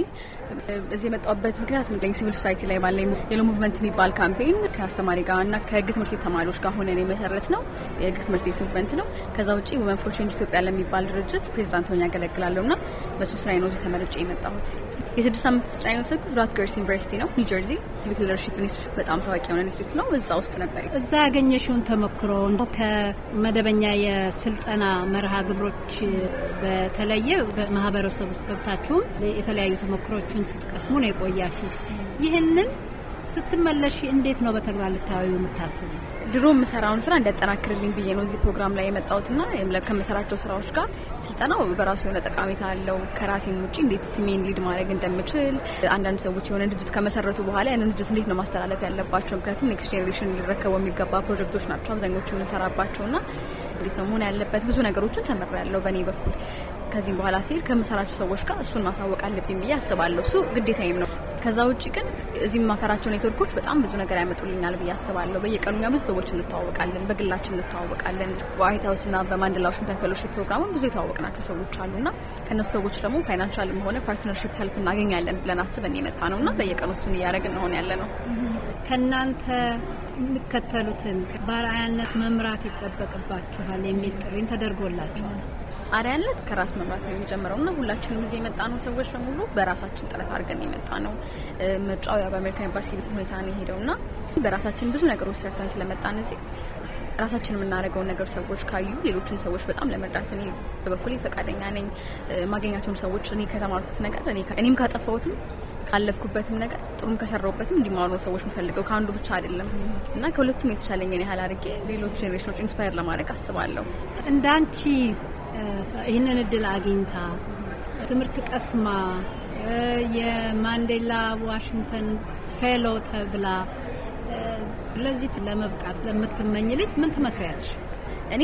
እዚህ የመጣሁበት ምክንያት ምንድነው ሲቪል ሶሳይቲ ላይ ባለ የሎ ሙቭመንት የሚባል ካምፔን ከአስተማሪ ጋር እና ከህግ ትምህርት ቤት ተማሪዎች ጋር ሆነን የመሰረት ነው። የህግ ትምህርት ቤት ሙቭመንት ነው። ከዛ ውጭ ወመን ፎር ቼንጅ ኢትዮጵያ ለሚባል ድርጅት ፕሬዚዳንት ሆኜ ያገለግላለሁ እና በሱ ስራ ነው ተመርጬ የመጣሁት። የስድስት ዓመት ስልጠና የወሰድኩት ገርስ ዩኒቨርሲቲ ነው ኒው ጀርዚ። ሊደርሺፕ ኢንስቲትዩት በጣም ታዋቂ የሆነ ኢንስቲትዩት ነው። እዛ ውስጥ ነበር። እዛ ያገኘሽውን ተሞክሮ ከመደበኛ የስልጠና መርሃ ግብሮች በተለየ በማህበረሰብ ውስጥ ገብታችሁም የተለያዩ ተሞክሮችን ስትቀስሙ ነው የቆያችሁ። ይህንን ስትመለሽ እንዴት ነው በተግባር ልታዩ የምታስቡ? ድሮ የምሰራውን ስራ እንዲያጠናክርልኝ ብዬ ነው እዚህ ፕሮግራም ላይ የመጣሁትና ከምሰራቸው ስራዎች ጋር ስልጠናው በራሱ የሆነ ጠቃሜታ አለው። ከራሴን ውጭ እንዴት ቲሜን ሊድ ማድረግ እንደምችል፣ አንዳንድ ሰዎች የሆነ ድርጅት ከመሰረቱ በኋላ ያንን ድርጅት እንዴት ነው ማስተላለፍ ያለባቸው፣ ምክንያቱም ኔክስት ጄኔሬሽን ሊረከበው የሚገባ ፕሮጀክቶች ናቸው አብዛኞቹ የምንሰራባቸውና እንዴት ነው መሆን ያለበት ብዙ ነገሮችን ተምሬያለሁ። በእኔ በኩል ከዚህም በኋላ ሲሄድ ከምሰራቸው ሰዎች ጋር እሱን ማሳወቅ አለብኝ ብዬ አስባለሁ። እሱ ግዴታዬም ነው። ከዛ ውጭ ግን እዚህ የማፈራቸው ኔትወርኮች በጣም ብዙ ነገር ያመጡልኛል ብዬ አስባለሁ። በየቀኑ ብዙ ሰዎች እንተዋወቃለን፣ በግላችን እንተዋወቃለን። በዋይት ሀውስና በማንደላ ዋሽንግተን ፌሎሺፕ ፕሮግራሙ ብዙ የተዋወቅናቸው ሰዎች አሉና ከእነሱ ሰዎች ደግሞ ፋይናንሻልም ሆነ ፓርትነርሽፕ ሄልፕ እናገኛለን ብለን አስበን የመጣ ነው እና በየቀኑ እሱን እያደረግን እንሆን ያለ ነው። ከእናንተ የሚከተሉትን በአርአያነት መምራት ይጠበቅባችኋል የሚል ጥሪን ተደርጎላችኋል። አሪያነት ከራስ መምራት ነው የሚጀምረው እና ሁላችንም እዚህ የመጣ ነው ሰዎች በሙሉ በራሳችን ጥረት አድርገን የመጣ ነው። ምርጫው ያው በአሜሪካን ኤምባሲ ሁኔታ ነው የሄደው እና በራሳችን ብዙ ነገሮች ሰርተን ስለመጣን እዚህ ራሳችን የምናደርገውን ነገር ሰዎች ካዩ ሌሎችን ሰዎች በጣም ለመርዳት እኔ በበኩሌ ፈቃደኛ ነኝ። ማገኛቸውን ሰዎች እኔ ከተማርኩት ነገር እኔም ካጠፋሁትም ካለፍኩበትም ነገር ጥሩም ከሰራሁበትም እንዲማሩ ነው ሰዎች የምፈልገው ከአንዱ ብቻ አይደለም እና ከሁለቱም የተቻለኝን ያህል አድርጌ ሌሎች ጄኔሬሽኖች ኢንስፓየር ለማድረግ አስባለሁ። እንዳንቺ ይህንን እድል አግኝታ ትምህርት ቀስማ የማንዴላ ዋሽንግተን ፌሎ ተብላ ለዚህ ለመብቃት ለምትመኝ ልጅ ምን ትመክሪያለሽ? እኔ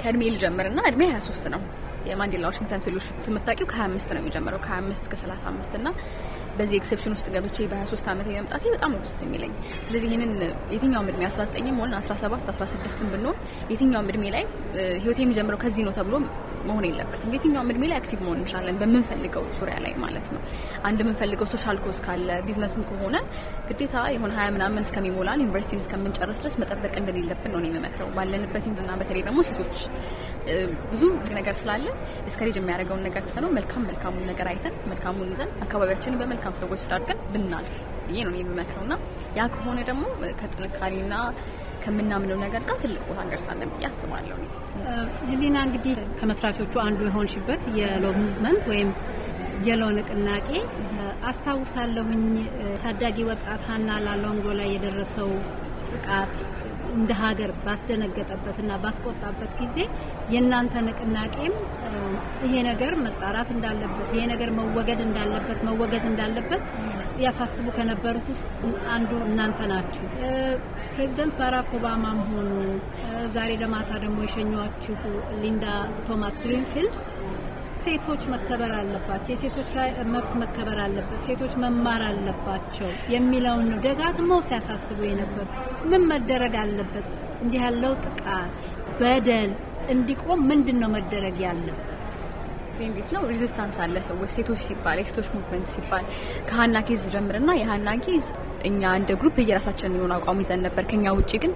ከእድሜ ልጀምርና እድሜ 23 ነው። የማንዴላ ዋሽንግተን ፌሎሺፕ የምታውቂው ከ25 ነው የሚጀምረው ከ25 እስከ 35 እና በዚህ ኤክሰፕሽን ውስጥ ገብቼ በ23 ዓመት የመምጣቴ በጣም ደስ የሚለኝ። ስለዚህ ይህንን የትኛውም እድሜ 19ም ሆን 17 16 ብንሆን የትኛውም እድሜ ላይ ህይወት የሚጀምረው ከዚህ ነው ተብሎ መሆን የለበትም። የትኛውም እድሜ ላይ አክቲቭ መሆን እንችላለን፣ በምንፈልገው ዙሪያ ላይ ማለት ነው። አንድ የምንፈልገው ሶሻል ኮስ ካለ ቢዝነስም ከሆነ ግዴታ የሆነ ሀያ ምናምን እስከሚሞላን ዩኒቨርሲቲን እስከምንጨርስ ድረስ መጠበቅ እንደሌለብን ነው የሚመክረው ባለንበት ና በተለይ ደግሞ ሴቶች ብዙ ነገር ስላለ እስከሬጅ የሚያደርገውን ነገር ትተነው መልካም መልካሙን ነገር አይተን መልካሙን ይዘን አካባቢያችንን በመልካም ሰዎች ስላድርገን ብናልፍ ብዬ ነው የሚመክረው ና ያ ከሆነ ደግሞ ከጥንካሬና ከምናምነው ነገር ጋር ትልቅ ቦታ እንደርሳለን ብዬ አስባለሁ። ህሊና እንግዲህ ከመስራቾቹ አንዱ የሆንሽበት የሎ ሙቭመንት ወይም የሎ ንቅናቄ አስታውሳለሁኝ ታዳጊ ወጣት ሀና ላሎንጎ ላይ የደረሰው ጥቃት እንደ ሀገር ባስደነገጠበትና ባስቆጣበት ጊዜ የእናንተ ንቅናቄም ይሄ ነገር መጣራት እንዳለበት፣ ይሄ ነገር መወገድ እንዳለበት መወገድ እንዳለበት ያሳስቡ ከነበሩት ውስጥ አንዱ እናንተ ናችሁ። ፕሬዚደንት ባራክ ኦባማም ሆኑ ዛሬ ለማታ ደግሞ የሸኟችሁ ሊንዳ ቶማስ ግሪንፊልድ ሴቶች መከበር አለባቸው፣ የሴቶች መብት መከበር አለበት፣ ሴቶች መማር አለባቸው የሚለውን ነው ደጋግመው ሲያሳስቡ የነበር። ምን መደረግ አለበት? እንዲህ ያለው ጥቃት በደል እንዲቆም ምንድን ነው መደረግ ያለበት? እንዴት ነው ሬዚስታንስ አለ። ሰዎች ሴቶች ሲባል የሴቶች ሙቭመንት ሲባል ከሀና ኬዝ ጀምርና የሀና ኬዝ እኛ እንደ ግሩፕ የራሳችንን የሆነ አቋሙ ይዘን ነበር። ከኛ ውጭ ግን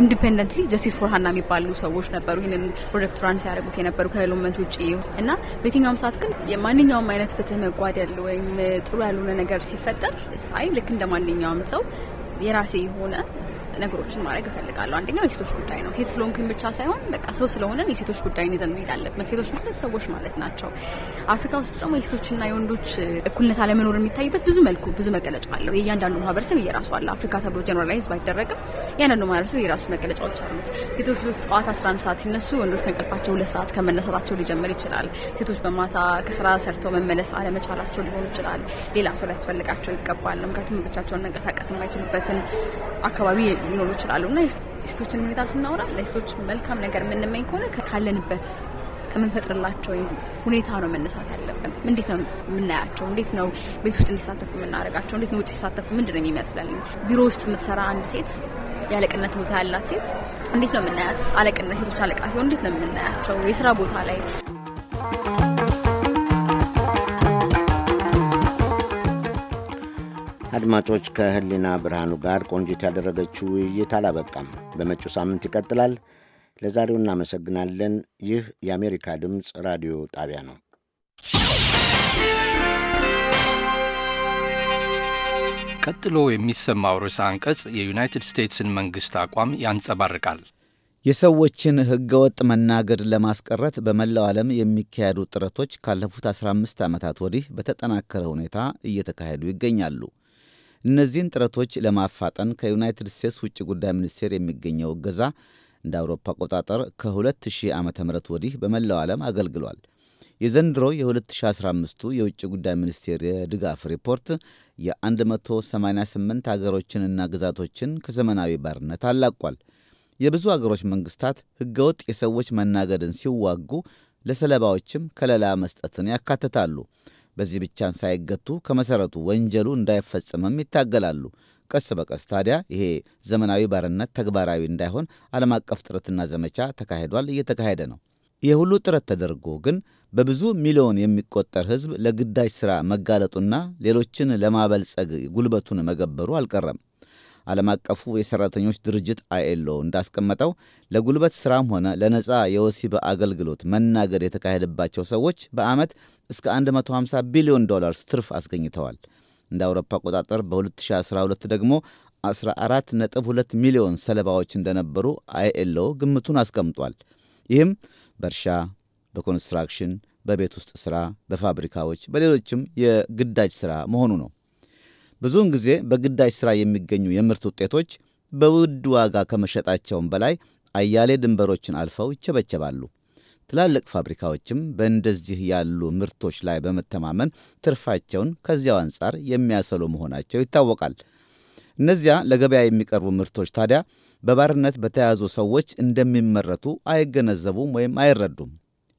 ኢንዲፔንደንትሊ ጀስቲስ ፎር ሀና የሚባሉ ሰዎች ነበሩ ይህንን ፕሮጀክት ራን ሲያደርጉት የነበሩ ከሌሎመንት ውጭ እና በየትኛውም ሰዓት ግን የማንኛውም አይነት ፍትህ መጓደል ወይም ጥሩ ያልሆነ ነገር ሲፈጠር ሳይ ልክ እንደ ማንኛውም ሰው የራሴ የሆነ ነገሮችን ማድረግ እፈልጋለሁ። አንደኛው የሴቶች ጉዳይ ነው። ሴት ስለሆንኩኝ ብቻ ሳይሆን በቃ ሰው ስለሆነን የሴቶች ጉዳይን ይዘን መሄድ አለብን። ሴቶች ማለት ሰዎች ማለት ናቸው። አፍሪካ ውስጥ ደግሞ የሴቶችና የወንዶች እኩልነት አለመኖር የሚታይበት ብዙ መልኩ ብዙ መገለጫ አለው። የእያንዳንዱ ማህበረሰብ እየራሱ አለ። አፍሪካ ተብሎ ጀነራላይዝ ባይደረግም እያንዳንዱ ማህበረሰብ የራሱ መገለጫዎች አሉት። ሴቶች ጠዋት 11 ሰዓት ሲነሱ ወንዶች ከእንቅልፋቸው ሁለት ሰዓት ከመነሳታቸው ሊጀምር ይችላል። ሴቶች በማታ ከስራ ሰርተው መመለስ አለመቻላቸው ሊሆን ይችላል። ሌላ ሰው ሊያስፈልጋቸው ይገባል። ምክንያቱም ልጆቻቸውን መንቀሳቀስ የማይችሉበትን አካባቢ ሊኖሩ ይችላሉ እና የሴቶችን ሁኔታ ስናወራ ለሴቶች መልካም ነገር የምንመኝ ከሆነ ካለንበት ከምንፈጥርላቸው ሁኔታ ነው መነሳት ያለብን። እንዴት ነው የምናያቸው? እንዴት ነው ቤት ውስጥ እንዲሳተፉ የምናደርጋቸው? እንዴት ነው ውጭ ሲሳተፉ ምንድን ነው የሚመስለን? ቢሮ ውስጥ የምትሰራ አንድ ሴት የአለቅነት ቦታ ያላት ሴት እንዴት ነው የምናያት? አለቅነት ሴቶች አለቃ ሲሆን እንዴት ነው የምናያቸው? የስራ ቦታ ላይ አድማጮች ከህሊና ብርሃኑ ጋር ቆንጂት ያደረገችው ውይይት አላበቃም። በመጪው ሳምንት ይቀጥላል። ለዛሬው እናመሰግናለን። ይህ የአሜሪካ ድምፅ ራዲዮ ጣቢያ ነው። ቀጥሎ የሚሰማው ርዕሰ አንቀጽ የዩናይትድ ስቴትስን መንግሥት አቋም ያንጸባርቃል። የሰዎችን ህገወጥ መናገድ ለማስቀረት በመላው ዓለም የሚካሄዱ ጥረቶች ካለፉት 15 ዓመታት ወዲህ በተጠናከረ ሁኔታ እየተካሄዱ ይገኛሉ። እነዚህን ጥረቶች ለማፋጠን ከዩናይትድ ስቴትስ ውጭ ጉዳይ ሚኒስቴር የሚገኘው እገዛ እንደ አውሮፓ አቆጣጠር ከ2000 ዓ ም ወዲህ በመላው ዓለም አገልግሏል። የዘንድሮ የ 2015 የውጭ ጉዳይ ሚኒስቴር የድጋፍ ሪፖርት የ188 አገሮችንና ግዛቶችን ከዘመናዊ ባርነት አላቋል። የብዙ አገሮች መንግስታት ህገወጥ የሰዎች መናገድን ሲዋጉ ለሰለባዎችም ከለላ መስጠትን ያካትታሉ። በዚህ ብቻን ሳይገቱ ከመሠረቱ ወንጀሉ እንዳይፈጸምም ይታገላሉ። ቀስ በቀስ ታዲያ ይሄ ዘመናዊ ባርነት ተግባራዊ እንዳይሆን ዓለም አቀፍ ጥረትና ዘመቻ ተካሂዷል፣ እየተካሄደ ነው። ይህ ሁሉ ጥረት ተደርጎ ግን በብዙ ሚሊዮን የሚቆጠር ሕዝብ ለግዳጅ ሥራ መጋለጡና ሌሎችን ለማበልጸግ ጉልበቱን መገበሩ አልቀረም። ዓለም አቀፉ የሠራተኞች ድርጅት አይኤልኦ እንዳስቀመጠው ለጉልበት ሥራም ሆነ ለነፃ የወሲብ አገልግሎት መናገድ የተካሄደባቸው ሰዎች በዓመት እስከ 150 ቢሊዮን ዶላርስ ትርፍ አስገኝተዋል። እንደ አውሮፓ አቆጣጠር በ2012 ደግሞ 14.2 ሚሊዮን ሰለባዎች እንደነበሩ አይኤልኦ ግምቱን አስቀምጧል። ይህም በእርሻ፣ በኮንስትራክሽን፣ በቤት ውስጥ ሥራ፣ በፋብሪካዎች፣ በሌሎችም የግዳጅ ሥራ መሆኑ ነው። ብዙውን ጊዜ በግዳጅ ሥራ የሚገኙ የምርት ውጤቶች በውድ ዋጋ ከመሸጣቸውም በላይ አያሌ ድንበሮችን አልፈው ይቸበቸባሉ። ትላልቅ ፋብሪካዎችም በእንደዚህ ያሉ ምርቶች ላይ በመተማመን ትርፋቸውን ከዚያው አንጻር የሚያሰሉ መሆናቸው ይታወቃል። እነዚያ ለገበያ የሚቀርቡ ምርቶች ታዲያ በባርነት በተያዙ ሰዎች እንደሚመረቱ አይገነዘቡም ወይም አይረዱም።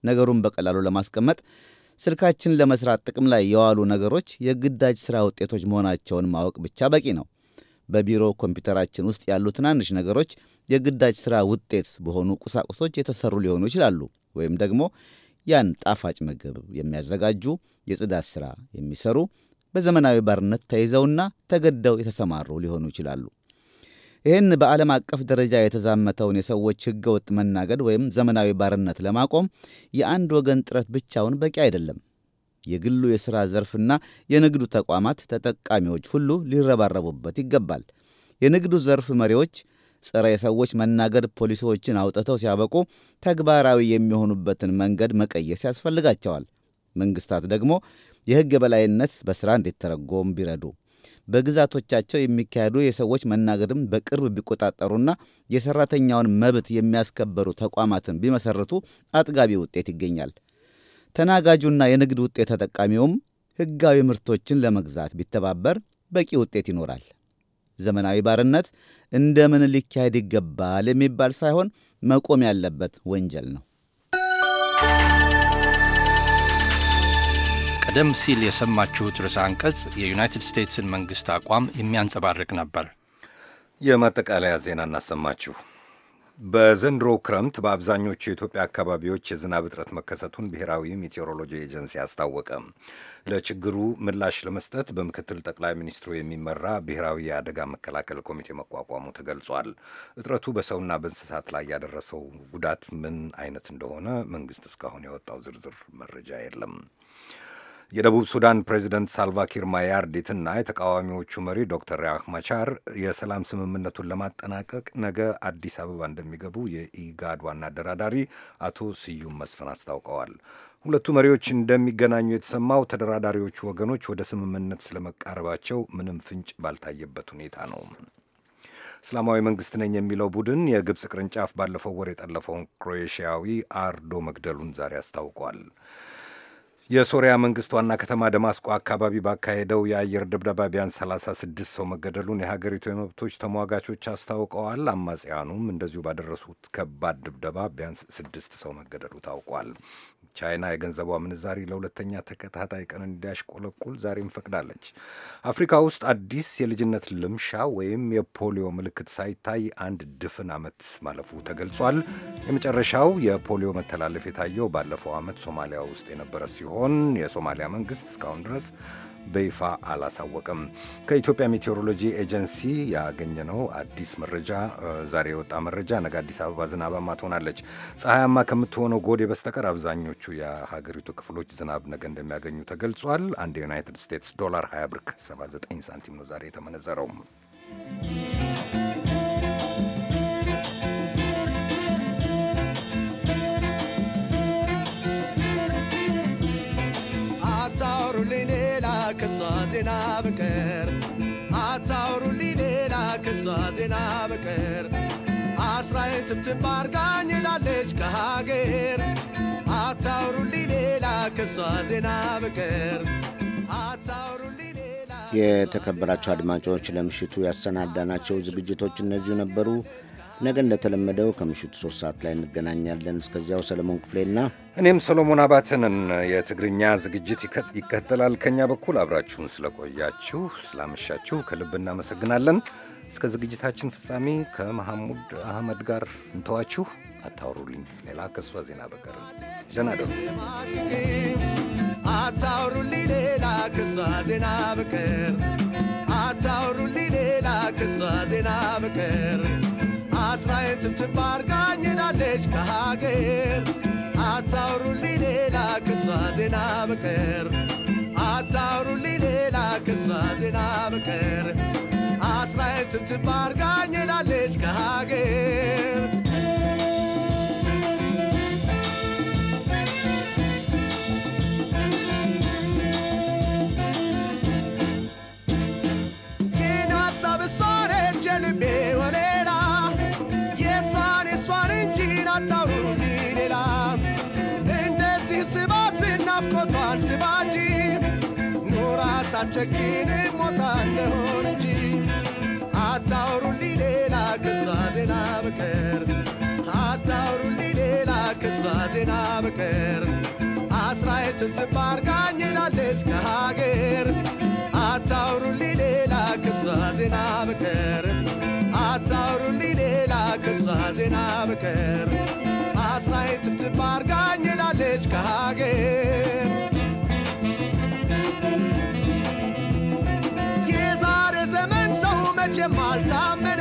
ነገሩን በቀላሉ ለማስቀመጥ ስልካችን ለመስራት ጥቅም ላይ የዋሉ ነገሮች የግዳጅ ሥራ ውጤቶች መሆናቸውን ማወቅ ብቻ በቂ ነው። በቢሮ ኮምፒውተራችን ውስጥ ያሉ ትናንሽ ነገሮች የግዳጅ ሥራ ውጤት በሆኑ ቁሳቁሶች የተሰሩ ሊሆኑ ይችላሉ። ወይም ደግሞ ያን ጣፋጭ ምግብ የሚያዘጋጁ፣ የጽዳት ሥራ የሚሰሩ፣ በዘመናዊ ባርነት ተይዘውና ተገደው የተሰማሩ ሊሆኑ ይችላሉ። ይህን በዓለም አቀፍ ደረጃ የተዛመተውን የሰዎች ህገወጥ መናገድ ወይም ዘመናዊ ባርነት ለማቆም የአንድ ወገን ጥረት ብቻውን በቂ አይደለም። የግሉ የሥራ ዘርፍና የንግዱ ተቋማት ተጠቃሚዎች ሁሉ ሊረባረቡበት ይገባል። የንግዱ ዘርፍ መሪዎች ጸረ የሰዎች መናገድ ፖሊሲዎችን አውጥተው ሲያበቁ ተግባራዊ የሚሆኑበትን መንገድ መቀየስ ያስፈልጋቸዋል። መንግሥታት ደግሞ የሕግ የበላይነት በሥራ እንዲተረጎም ቢረዱ በግዛቶቻቸው የሚካሄዱ የሰዎች መናገድም በቅርብ ቢቆጣጠሩና የሰራተኛውን መብት የሚያስከበሩ ተቋማትን ቢመሰርቱ አጥጋቢ ውጤት ይገኛል። ተናጋጁና የንግድ ውጤት ተጠቃሚውም ሕጋዊ ምርቶችን ለመግዛት ቢተባበር በቂ ውጤት ይኖራል። ዘመናዊ ባርነት እንደምን ሊካሄድ ይገባል የሚባል ሳይሆን መቆም ያለበት ወንጀል ነው። ቀደም ሲል የሰማችሁት ርዕሰ አንቀጽ የዩናይትድ ስቴትስን መንግሥት አቋም የሚያንጸባርቅ ነበር። የማጠቃለያ ዜና እናሰማችሁ። በዘንድሮ ክረምት በአብዛኞቹ የኢትዮጵያ አካባቢዎች የዝናብ እጥረት መከሰቱን ብሔራዊ ሜቴሮሎጂ ኤጀንሲ አስታወቀ። ለችግሩ ምላሽ ለመስጠት በምክትል ጠቅላይ ሚኒስትሩ የሚመራ ብሔራዊ የአደጋ መከላከል ኮሚቴ መቋቋሙ ተገልጿል። እጥረቱ በሰውና በእንስሳት ላይ ያደረሰው ጉዳት ምን አይነት እንደሆነ መንግስት እስካሁን ያወጣው ዝርዝር መረጃ የለም። የደቡብ ሱዳን ፕሬዚደንት ሳልቫኪር ማያርዲትና የተቃዋሚዎቹ መሪ ዶክተር ሪያክ ማቻር የሰላም ስምምነቱን ለማጠናቀቅ ነገ አዲስ አበባ እንደሚገቡ የኢጋድ ዋና አደራዳሪ አቶ ስዩም መስፍን አስታውቀዋል። ሁለቱ መሪዎች እንደሚገናኙ የተሰማው ተደራዳሪዎቹ ወገኖች ወደ ስምምነት ስለመቃረባቸው ምንም ፍንጭ ባልታየበት ሁኔታ ነው። እስላማዊ መንግስት ነኝ የሚለው ቡድን የግብፅ ቅርንጫፍ ባለፈው ወር የጠለፈውን ክሮኤሽያዊ አርዶ መግደሉን ዛሬ አስታውቋል። የሶሪያ መንግስት ዋና ከተማ ደማስቆ አካባቢ ባካሄደው የአየር ድብደባ ቢያንስ 36 ሰው መገደሉን የሀገሪቱ የመብቶች ተሟጋቾች አስታውቀዋል። አማጽያኑም እንደዚሁ ባደረሱት ከባድ ድብደባ ቢያንስ ስድስት ሰው መገደሉ ታውቋል። ቻይና የገንዘቧ ምንዛሪ ለሁለተኛ ተከታታይ ቀን እንዲያሽቆለቁል ዛሬም ፈቅዳለች። አፍሪካ ውስጥ አዲስ የልጅነት ልምሻ ወይም የፖሊዮ ምልክት ሳይታይ አንድ ድፍን ዓመት ማለፉ ተገልጿል። የመጨረሻው የፖሊዮ መተላለፍ የታየው ባለፈው ዓመት ሶማሊያ ውስጥ የነበረ ሲሆን የሶማሊያ መንግስት እስካሁን ድረስ በይፋ አላሳወቅም። ከኢትዮጵያ ሜቴሮሎጂ ኤጀንሲ ያገኘነው አዲስ መረጃ ዛሬ የወጣ መረጃ ነገ አዲስ አበባ ዝናባማ ትሆናለች። ፀሐያማ ከምትሆነው ጎዴ በስተቀር አብዛኞቹ የሀገሪቱ ክፍሎች ዝናብ ነገ እንደሚያገኙ ተገልጿል። አንድ የዩናይትድ ስቴትስ ዶላር 20 ብር ከ79 ሳንቲም ነው ዛሬ የተመነዘረው። በቀር አታውሩልኝ ሌላ ከሷ ዜና በቀር አስራዬን ትብትብ አርጋኝ ላለች ከሀገር አታውሩልኝ ሌላ ከሷ ዜና በቀር የተከበራቸው አድማጮች ለምሽቱ ያሰናዳናቸው ዝግጅቶች እነዚሁ ነበሩ። ነገ እንደተለመደው ከምሽቱ ሶስት ሰዓት ላይ እንገናኛለን። እስከዚያው ሰለሞን ክፍሌና እኔም ሰሎሞን አባተንን። የትግርኛ ዝግጅት ይቀጥላል። ከእኛ በኩል አብራችሁን ስለቆያችሁ ስላመሻችሁ ከልብ እናመሰግናለን። እስከ ዝግጅታችን ፍጻሜ ከመሐሙድ አህመድ ጋር እንተዋችሁ። አታውሩልኝ ሌላ ከሷ ዜና በቀር ደህና ደሩ። አታውሩልኝ ሌላ ከሷ ዜና በቀር አታውሩልኝ ሌላ ዜና በቀር አስራዬን ትብትብ አርጋኝ ሄዳለች ከሀገር። አታውሩልኝ ሌላ ክሷ ዜና በቀር አታውሩልኝ ሌላ ክሷ ዜና በቀር አስራዬን ትብትብ አርጋኝ ሄዳለች ከሀገር ብታቸኪን ሞታለሁን እንጂ አታውሩልኝ ሌላ ክሷ ዜና በቀር አታውሩልኝ ሌላ ክሷ ዜና በቀር አስራየትን ትባርጋኝ ሄዳለች ከሀገር አታውሩልኝ ሌላ ክሷ ዜና በቀር አታውሩልኝ ሌላ ክሷ ዜና በቀር አስራየትን ትባርጋኝ ሄዳለች ከሀገር መቼም አልታመነ